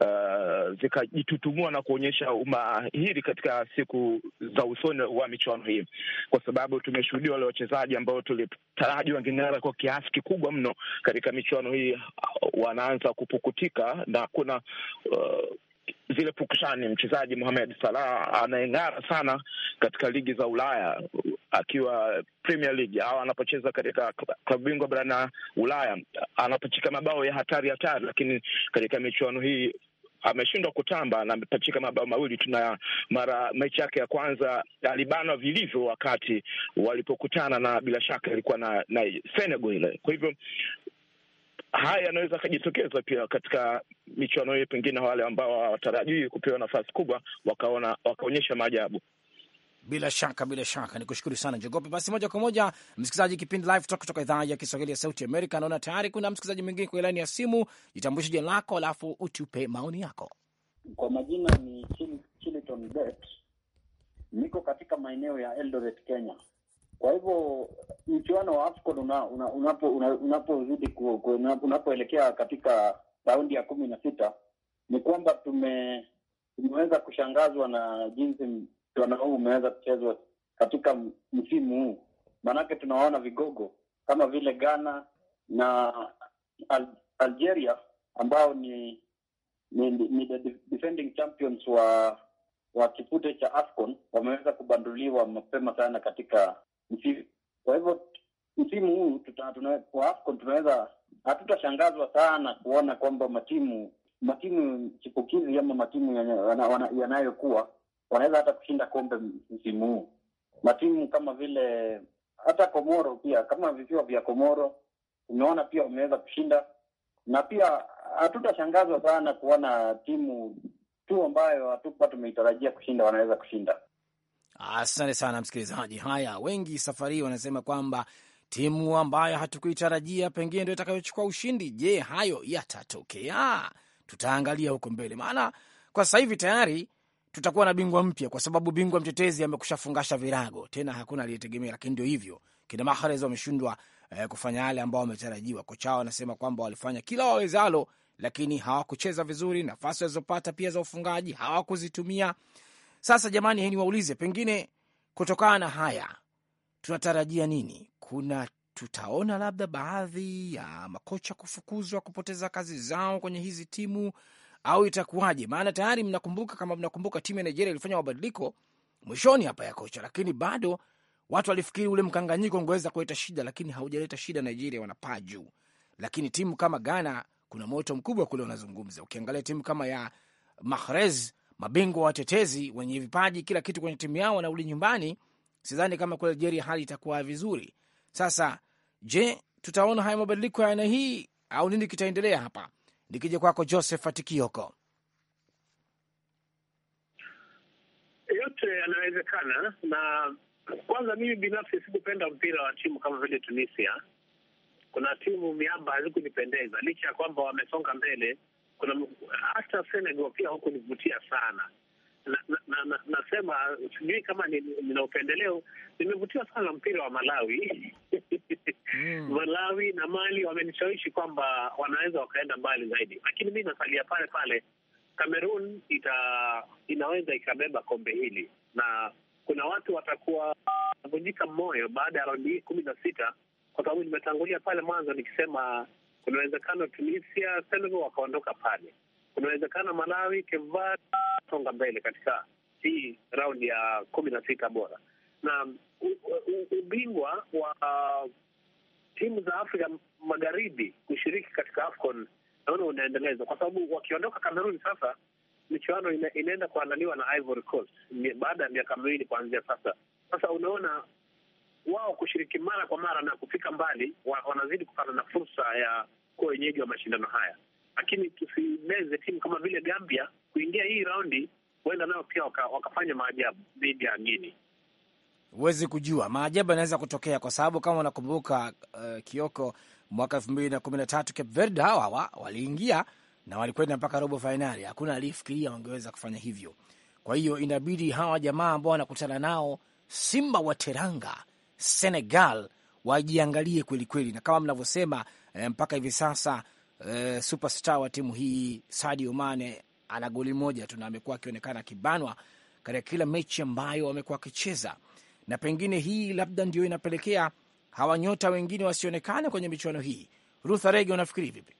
uh, zikajitutumua na kuonyesha umahiri katika siku za usoni wa michuano hii, kwa sababu tumeshuhudia wale wachezaji ambao tulitaraji wangeng'ara kwa kiasi kikubwa mno katika michuano hii uh, wanaanza kupukutika na kuna uh, zile pukushani, mchezaji Mohamed Salah anayeng'ara sana katika ligi za Ulaya akiwa Premier League au anapocheza katika klabu bingwa barani Ulaya anapachika mabao ya hatari hatari, lakini katika michuano hii ameshindwa kutamba na amepachika mabao mawili tu, na mara mechi yake ya kwanza alibanwa vilivyo wakati walipokutana, na bila shaka ilikuwa na, na Senegal ile. Kwa hivyo haya yanaweza akajitokeza pia katika michuano hiyo, pengine wale ambao hawatarajii kupewa nafasi kubwa wakaona wakaonyesha maajabu. Bila shaka, bila shaka, ni kushukuru sana Jogope. Basi moja kwa moja, msikilizaji, kipindi Live Talk kutoka idhaa ya Kiswahili ya Sauti Amerika. Naona tayari kuna msikilizaji mwingine kwa ilani ya simu. Jitambulishe jina lako, alafu utupe maoni yako. Kwa majina ni Chiliton Bet, niko katika maeneo ya Eldoret, Kenya. Kwa hivyo mchuano wa AFCON unapozidi unapoelekea katika raundi ya kumi na sita ni kwamba tume, tumeweza kushangazwa na jinsi mchuano huu umeweza kuchezwa katika msimu huu, maanake tunawaona vigogo kama vile Ghana na Al Algeria ambao ni ni, ni the defending champions wa wa kipute cha AFCON wameweza kubanduliwa mapema sana katika kwa hivyo msimu huu tuta, tuna, kwa AFCON tunaweza hatutashangazwa sana kuona kwamba matimu matimu chipukizi ama matimu yanayokuwa wanaweza hata kushinda kombe msimu huu. Matimu kama vile hata Komoro pia kama visiwa vya Komoro umeona pia wameweza kushinda, na pia hatutashangazwa sana kuona timu tu ambayo hatukuwa tumeitarajia kushinda wanaweza kushinda. Asante sana msikilizaji. Haya, wengi safari hii wanasema kwamba timu ambayo hatukuitarajia pengine ndio itakayochukua ushindi. Je, hayo yatatokea? Tutaangalia huko mbele, maana kwa sasa hivi tayari tutakuwa na bingwa mpya, kwa sababu bingwa mtetezi amekusha fungasha virago, tena hakuna aliyetegemea. Lakini ndio hivyo, kina Mahrez wameshindwa eh, kufanya yale ambao wametarajiwa. Kocha wao anasema kwamba walifanya kila wawezalo, lakini hawakucheza vizuri. Nafasi walizopata pia za ufungaji hawakuzitumia. Sasa jamani, heni waulize, pengine kutokana na haya tunatarajia nini? Kuna tutaona labda baadhi ya makocha kufukuzwa, kupoteza kazi zao kwenye hizi timu au itakuwaje? Maana tayari mnakumbuka, kama mnakumbuka, timu ya Nigeria ilifanya mabadiliko mwishoni hapa ya kocha, lakini bado watu walifikiri ule mkanganyiko ungeweza kuleta shida, lakini haujaleta shida. Nigeria wanapaa juu, lakini timu kama Ghana kuna moto mkubwa kule, unazungumza ukiangalia timu kama ya Mahrez mabingwa watetezi wenye vipaji kila kitu kwenye timu yao wanarudi nyumbani, sidhani kama kule Algeria hali itakuwa vizuri. Sasa je, tutaona haya mabadiliko ya aina hii au nini kitaendelea hapa? Nikija kwako Joseph Atikioko. Yote yanawezekana, na kwanza, mimi binafsi sikupenda mpira wa timu kama vile Tunisia. Kuna timu miamba hazikunipendeza, licha ya kwamba wamesonga mbele kuna hata Senegal pia nivutia sana na, na, na, nasema sijui kama nina upendeleo. Nimevutiwa sana na mpira wa Malawi mm. (laughs) Malawi na Mali wamenishawishi kwamba wanaweza wakaenda mbali zaidi, lakini mi nasalia pale pale. Cameroon ita, inaweza ikabeba kombe hili na kuna watu watakuwa wanavunjika moyo baada ya raundi hii kumi na sita kwa sababu nimetangulia pale mwanzo nikisema kuna uwezekano Tunisia, Senegal wakaondoka pale. Kuna uwezekano Malawi, Kevaa songa mbele katika hii raundi ya kumi na sita bora na ubingwa wa uh, timu za Afrika Magharibi kushiriki katika AFCON naona unaendelezwa kwa sababu wakiondoka Kameruni, sasa michuano ina, inaenda kuandaliwa na Ivory Coast baada ya miaka miwili kuanzia sasa. Sasa unaona wao kushiriki mara kwa mara na kufika mbali, wanazidi kupata na fursa ya kuwa wenyeji wa mashindano haya. Lakini tusimeze timu kama vile Gambia kuingia hii raundi, huenda nao pia waka, wakafanya maajabu dhidi ya Gini. Huwezi kujua, maajabu yanaweza kutokea, kwa sababu kama unakumbuka uh, Kioko, mwaka elfu mbili na kumi na tatu Cape Verde hawa hawa waliingia na walikwenda mpaka robo fainali. Hakuna aliyefikiria wangeweza kufanya hivyo. Kwa hiyo inabidi hawa jamaa ambao wanakutana nao Simba wa Teranga Senegal wajiangalie kwelikweli, na kama mnavyosema eh, mpaka hivi sasa eh, superstar wa timu hii Sadio Mane ana goli moja tu na amekuwa akionekana akibanwa katika kila mechi ambayo wamekuwa akicheza, na pengine hii labda ndio inapelekea hawa nyota wengine wasionekane kwenye michuano hii. Ruth Arege, unafikiri vipi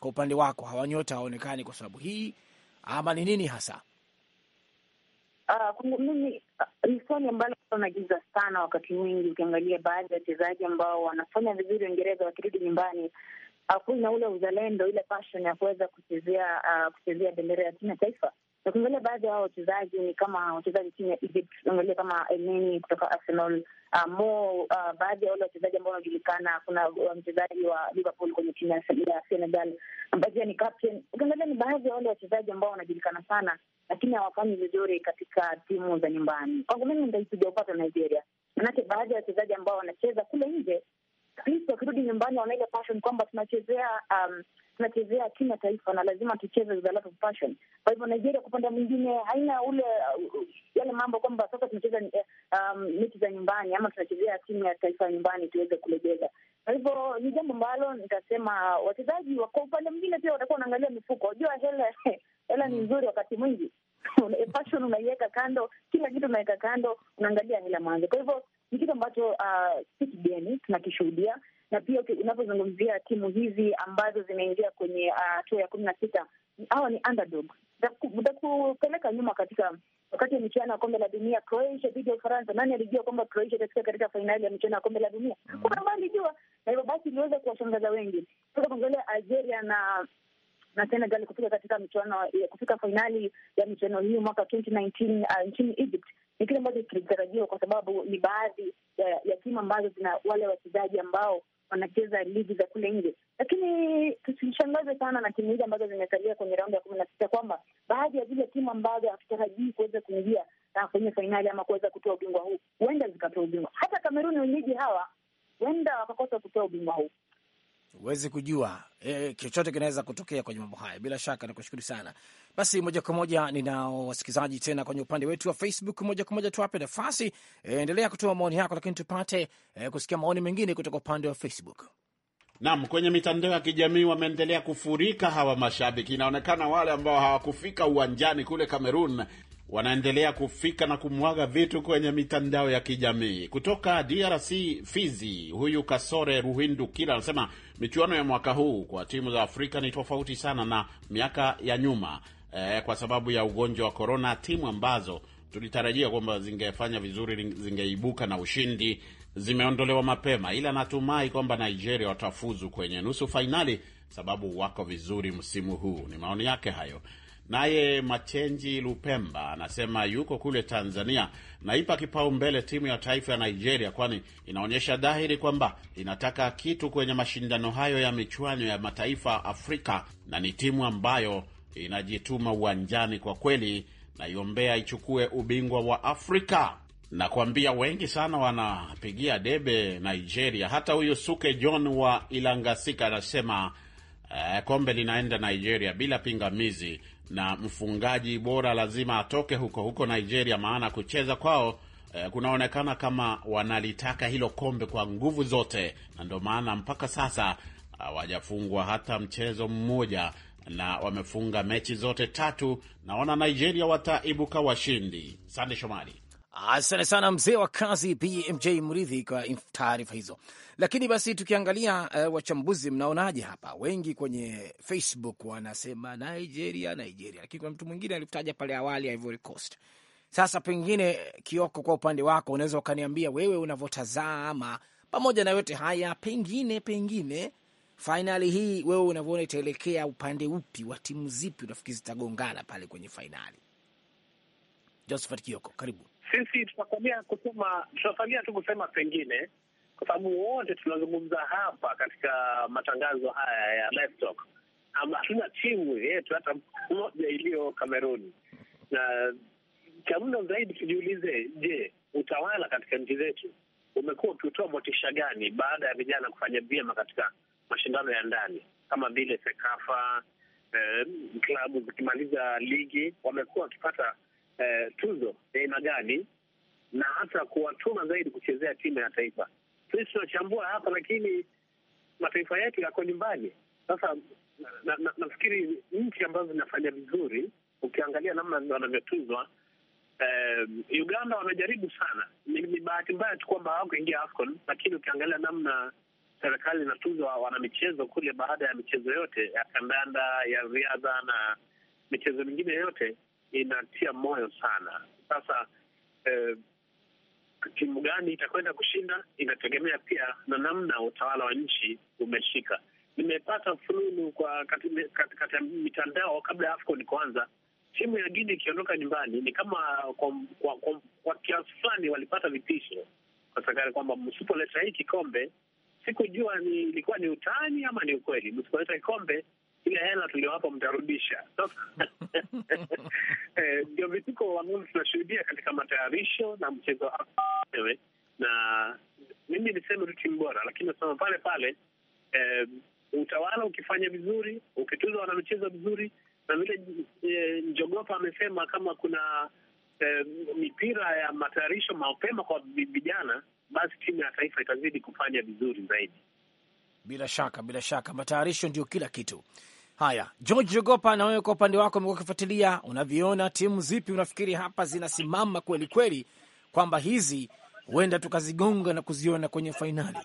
kwa upande wako? Hawa nyota hawaonekani kwa sababu hii ama ni nini hasa? Uh, mimi ah, ni swali ambalo sana giza sana wakati mwingi. Ukiangalia baadhi ya wachezaji ambao wanafanya vizuri Uingereza wakirudi nyumbani, hakuna ule uzalendo, ile passion ya kuweza kuchezea uh, kuchezea bendera ya timu ya taifa ukiangalia baadhi ya hao wachezaji ni kama wachezaji chini ya Egypt, angalia kama Elneny kutoka Arsenal, uh, Mo, uh, baadhi ya wale wachezaji ambao wanajulikana. Kuna uh, mchezaji wa Liverpool kwenye timu ya Senegal ambaye pia ni captain. Ukiangalia ni baadhi ya wale wachezaji ambao wanajulikana sana, lakini hawafanyi vizuri katika timu za nyumbani. Kwangu mimi nitaipiga upata Nigeria, manake baadhi ya wachezaji ambao wanacheza kule nje Kristo wakirudi nyumbani wana ile passion kwamba tunachezea um, tunachezea timu ya taifa na lazima tucheze with a lot of passion. Kwa hivyo Nigeria kwa upande mwingine haina ule uh, yale mambo kwamba sasa tunacheza um, mechi za nyumbani ama tunachezea timu ya taifa nyumbani tuweze kulegeza. Kwa hivyo ni jambo ambalo nitasema wachezaji kwa upande mwingine pia watakuwa wanaangalia mifuko. jua hela (laughs) hela ni mm. nzuri wakati mwingi (laughs) eh, passion unaiweka kando, kila kitu unaweka kando, unaangalia hela mwanzo. Kwa hivyo ni kitu ambacho uh, si kigeni, tunakishuhudia na pia unapozungumzia timu hizi ambazo zimeingia kwenye uh, hatua uh, ya kumi na sita, hawa ni underdog takupeleka nyuma katika wakati wa michuano ya kombe la dunia Croatia dhidi ya Ufaransa. Nani alijua kwamba Croatia itafika katika fainali ya michuano ya kombe la dunia? Mm. Kuna ambayo alijua, na hivyo basi iliweza kuwashangaza wengi. Toka kuangalia Algeria na na Senegal kufika katika michuano kufika fainali ya michuano hii mwaka 2019 uh, nchini Egypt ni kile ambacho kilitarajiwa, kwa sababu ni baadhi ya, ya timu ambazo zina wale wachezaji ambao wanacheza ligi za kule nje, lakini tusishangaze sana na timu hizi ambazo zimesalia kwenye raundi ya kumi na sita kwamba baadhi ya zile timu ambazo hatutarajii kuweza kuingia ah, kwenye fainali ama kuweza kutoa ubingwa huu huenda zikatoa ubingwa. Hata Kameruni wenyeji hawa huenda wakakosa kutoa ubingwa huu huwezi kujua e, chochote kinaweza kutokea kwenye mambo haya. Bila shaka nakushukuru sana. Basi moja kwa moja ninao wasikilizaji tena kwenye upande wetu wa Facebook. Moja kwa moja tuwape nafasi, e, endelea kutoa maoni yako, lakini tupate e, kusikia maoni mengine kutoka upande wa Facebook. Naam, kwenye mitandao ya kijamii wameendelea kufurika hawa mashabiki. Inaonekana wale ambao hawakufika uwanjani kule Kamerun wanaendelea kufika na kumwaga vitu kwenye mitandao ya kijamii. Kutoka DRC Fizi, huyu Kasore ruhindu Kila anasema michuano ya mwaka huu kwa timu za Afrika ni tofauti sana na miaka ya nyuma e, kwa sababu ya ugonjwa wa korona. Timu ambazo tulitarajia kwamba zingefanya vizuri, zingeibuka na ushindi, zimeondolewa mapema, ila natumai kwamba Nigeria watafuzu kwenye nusu fainali sababu wako vizuri msimu huu. Ni maoni yake hayo. Naye Machenji Lupemba anasema yuko kule Tanzania, naipa kipaumbele timu ya taifa ya Nigeria, kwani inaonyesha dhahiri kwamba inataka kitu kwenye mashindano hayo ya michuano ya mataifa Afrika, na ni timu ambayo inajituma uwanjani kwa kweli, naiombea ichukue ubingwa wa Afrika. Nakwambia wengi sana wanapigia debe Nigeria. Hata huyu Suke John wa Ilangasika anasema eh, kombe linaenda Nigeria bila pingamizi na mfungaji bora lazima atoke huko huko Nigeria, maana kucheza kwao eh, kunaonekana kama wanalitaka hilo kombe kwa nguvu zote, na ndio maana mpaka sasa hawajafungwa hata mchezo mmoja na wamefunga mechi zote tatu. Naona Nigeria wataibuka washindi. Sande Shomari. Asante sana mzee wa kazi BMJ Mridhi kwa taarifa hizo. Lakini basi tukiangalia uh, wachambuzi mnaonaje hapa? Wengi kwenye Facebook wanasema Nigeria, Nigeria, lakini kuna mtu mwingine alitaja pale awali Ivory Coast. Sasa pengine Kioko, kwa upande wako unaweza ukaniambia wewe unavyotazama, pamoja na yote haya, pengine pengine fainali hii wewe unavyoona itaelekea upande upi wa timu zipi unafikiri zitagongana pale kwenye fainali? Josephat Kioko, karibu sisi tunasalia kusema tunasalia tu kusema pengine, kwa sababu wote tunazungumza hapa katika matangazo haya ya live talk, hatuna timu yetu hata moja iliyo Kameruni, na cha mno zaidi tujiulize, je, utawala katika nchi zetu umekuwa ukiutoa motisha gani baada ya vijana kufanya vyema katika mashindano ya ndani kama vile Sekafa, eh, klabu zikimaliza ligi wamekuwa wakipata eh, tuzo ya aina gani na hata kuwatuma zaidi kuchezea timu ya taifa. Sisi tunachambua hapa, lakini mataifa yetu yako nyumbani. Sasa na, na, nafikiri nchi ambazo zinafanya vizuri ukiangalia namna wanavyotuzwa eh, Uganda wamejaribu sana. Ni, ni bahati mbaya tu kwamba hawakuingia AFCON, lakini ukiangalia namna serikali inatuzwa wanamichezo kule, baada ya michezo yote ya kandanda, ya riadha na michezo mingine yote inatia moyo sana. Sasa eh, timu gani itakwenda kushinda inategemea pia na namna utawala wa nchi umeshika. Nimepata fununu kwa katika mitandao kabla ya AFCON kuanza, timu ya Gini ikiondoka nyumbani ni kama kwa, kwa, kwa, kwa kiasi fulani walipata vitisho kwa kwamba msipoleta hii kikombe, sikujua ni ilikuwa ni utani ama ni ukweli, msipoleta kikombe ile hela tuliowapa mtarudisha. (laughs) Eh, ndio vituko ambavyo tunashuhudia katika matayarisho na mchezo wenyewe, na mimi niseme tu timu bora, lakini nasema pale pale eh, utawala ukifanya vizuri, ukituza wanamichezo vizuri, na vile eh, Njogopa amesema kama kuna eh, mipira ya matayarisho mapema kwa vijana, basi timu ya taifa itazidi kufanya vizuri zaidi. Bila shaka, bila shaka, matayarisho ndio kila kitu. Haya, George Jogopa, na wewe kwa upande wako umekuwa ukifuatilia, unavyoona timu zipi unafikiri hapa zinasimama kweli kweli kwamba hizi huenda tukazigonga na kuziona kwenye fainali?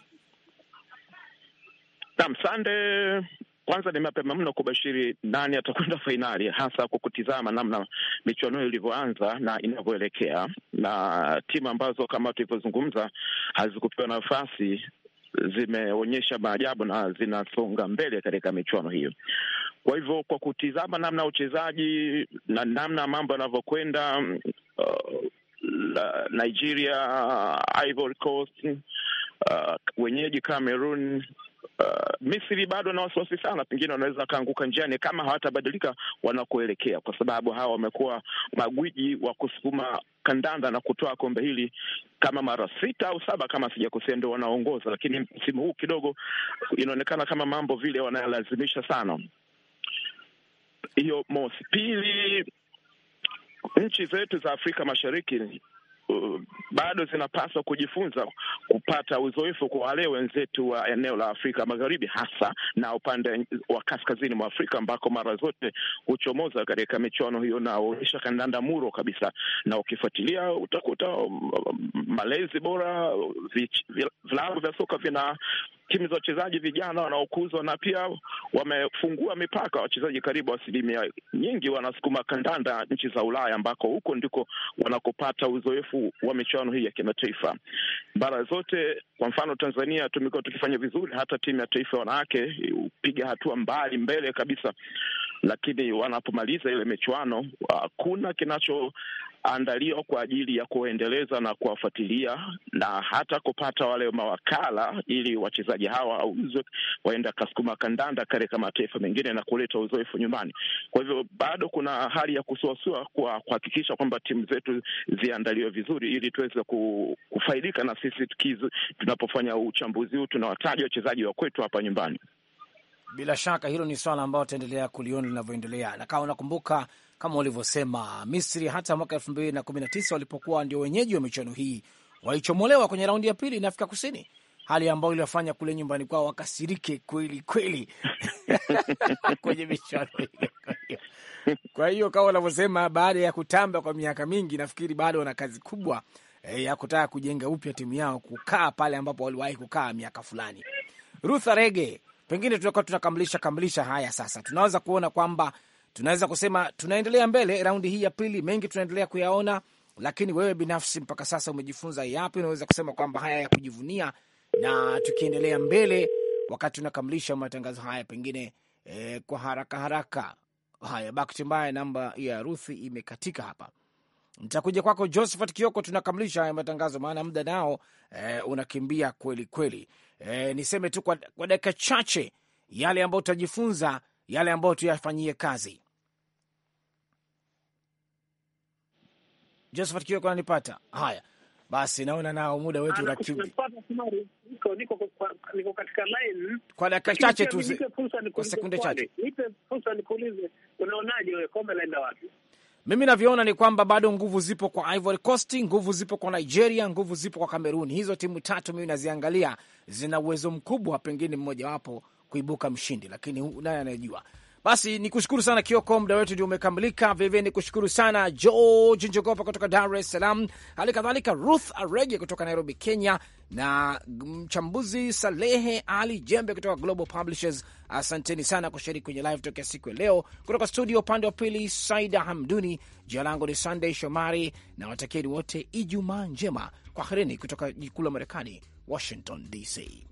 Naam, sande. Kwanza ni mapema mno kubashiri nani atakwenda fainali, hasa kwa kutizama namna michuano ilivyoanza na inavyoelekea, na timu ambazo kama tulivyozungumza hazikupewa nafasi zimeonyesha maajabu na zinasonga mbele katika michuano hiyo. Kwa hivyo kwa kutizama namna uchezaji na namna mambo yanavyokwenda, uh, Nigeria, Ivory Coast, uh, wenyeji Cameroon, Uh, Misri bado na wasiwasi sana, pengine wanaweza wakaanguka njiani kama hawatabadilika wanakoelekea, kwa sababu hawa wamekuwa magwiji wa kusukuma kandanda na kutoa kombe hili kama mara sita au saba kama sijakosea, ndio wanaongoza. Lakini msimu huu kidogo inaonekana kama mambo vile wanayalazimisha sana hiyo mosi. Pili, nchi zetu za Afrika Mashariki Uh, bado zinapaswa kujifunza kupata uzoefu kwa wale wenzetu wa eneo la Afrika Magharibi, hasa na upande wa kaskazini mwa Afrika ambako mara zote huchomoza katika michuano hiyo naonyesha kandanda muro kabisa, na ukifuatilia utakuta um, malezi bora, vilabu vya soka vina timu za wachezaji vijana wanaokuzwa na pia wamefungua mipaka. Wachezaji karibu asilimia nyingi wanasukuma kandanda nchi za Ulaya, ambako huko ndiko wanakopata uzoefu wa michuano hii ya kimataifa bara zote. Kwa mfano, Tanzania tumekuwa tukifanya vizuri, hata timu ya taifa wanawake hupiga hatua mbali mbele kabisa lakini wanapomaliza ile michuano hakuna kinachoandaliwa kwa ajili ya kuendeleza na kuwafuatilia na hata kupata wale mawakala ili wachezaji hawa wauzwe waenda kasukuma kandanda katika mataifa mengine na kuleta uzoefu nyumbani. Kwa hivyo bado kuna hali ya kusuasua kwa kuhakikisha kwamba timu zetu ziandaliwe vizuri ili tuweze kufaidika na sisi tunapofanya uchambuzi huu tunawataja wachezaji wa kwetu hapa nyumbani. Bila shaka hilo ni swala ambalo ataendelea kuliona linavyoendelea, na kama unakumbuka, kama ulivyosema, Misri hata mwaka elfu mbili na kumi na tisa walipokuwa ndio wenyeji wa michuano hii walichomolewa kwenye raundi ya pili na Afrika Kusini, hali ambayo iliwafanya kule nyumbani kwao wakasirike kweli kweli (laughs) kwenye michuano hiyo. Kwa hiyo kama wanavyosema, baada ya kutamba kwa miaka mingi, nafikiri bado wana kazi kubwa eh, ya kutaka kujenga upya timu yao kukaa pale ambapo waliwahi kukaa miaka fulani. Ruth Arege, pengine tutakuwa tunakamilisha kamilisha haya sasa, tunaweza kuona kwamba tunaweza kusema tunaendelea mbele raundi hii ya pili, mengi tunaendelea kuyaona, lakini wewe binafsi mpaka sasa umejifunza yapi? Unaweza kusema kwamba haya ya kujivunia, na tukiendelea mbele, wakati tunakamilisha matangazo haya pengine eh, kwa haraka haraka haya, bahati mbaya namba ya Ruthi imekatika hapa, Nitakuja kwako Josephat Kioko, tunakamilisha haya matangazo, maana muda nao e, unakimbia kweli kweli. E, niseme tu kwa, kwa dakika chache yale ambayo tutajifunza, yale ambayo tuyafanyie kazi. Josephat Kioko ananipata? Haya basi, naona nao muda wetu unakimbia. Niko, katika line kwa dakika chache tu, kwa sekunde chache. Nipe fursa nikuulize, unaonaje wewe kombe laenda wapi? mimi navyoona ni kwamba bado nguvu zipo kwa Ivory Coast, nguvu zipo kwa Nigeria, nguvu zipo kwa Kameruni. Hizo timu tatu mimi naziangalia zina uwezo mkubwa, pengine mmojawapo kuibuka mshindi, lakini naye anayejua basi ni kushukuru sana Kioko, muda wetu ndio umekamilika. Vilevile ni kushukuru sana George Njogopa kutoka Dar es Salaam, hali kadhalika Ruth Arege kutoka Nairobi, Kenya, na mchambuzi Salehe Ali Jembe kutoka Global Publishers. Asanteni sana kushiriki kwenye live tokea siku ya leo. Kutoka studio upande wa pili, Saida Hamduni. Jina langu ni Sunday Shomari na watakieni wote Ijumaa njema. Kwaherini kutoka jikuu la Marekani, Washington DC.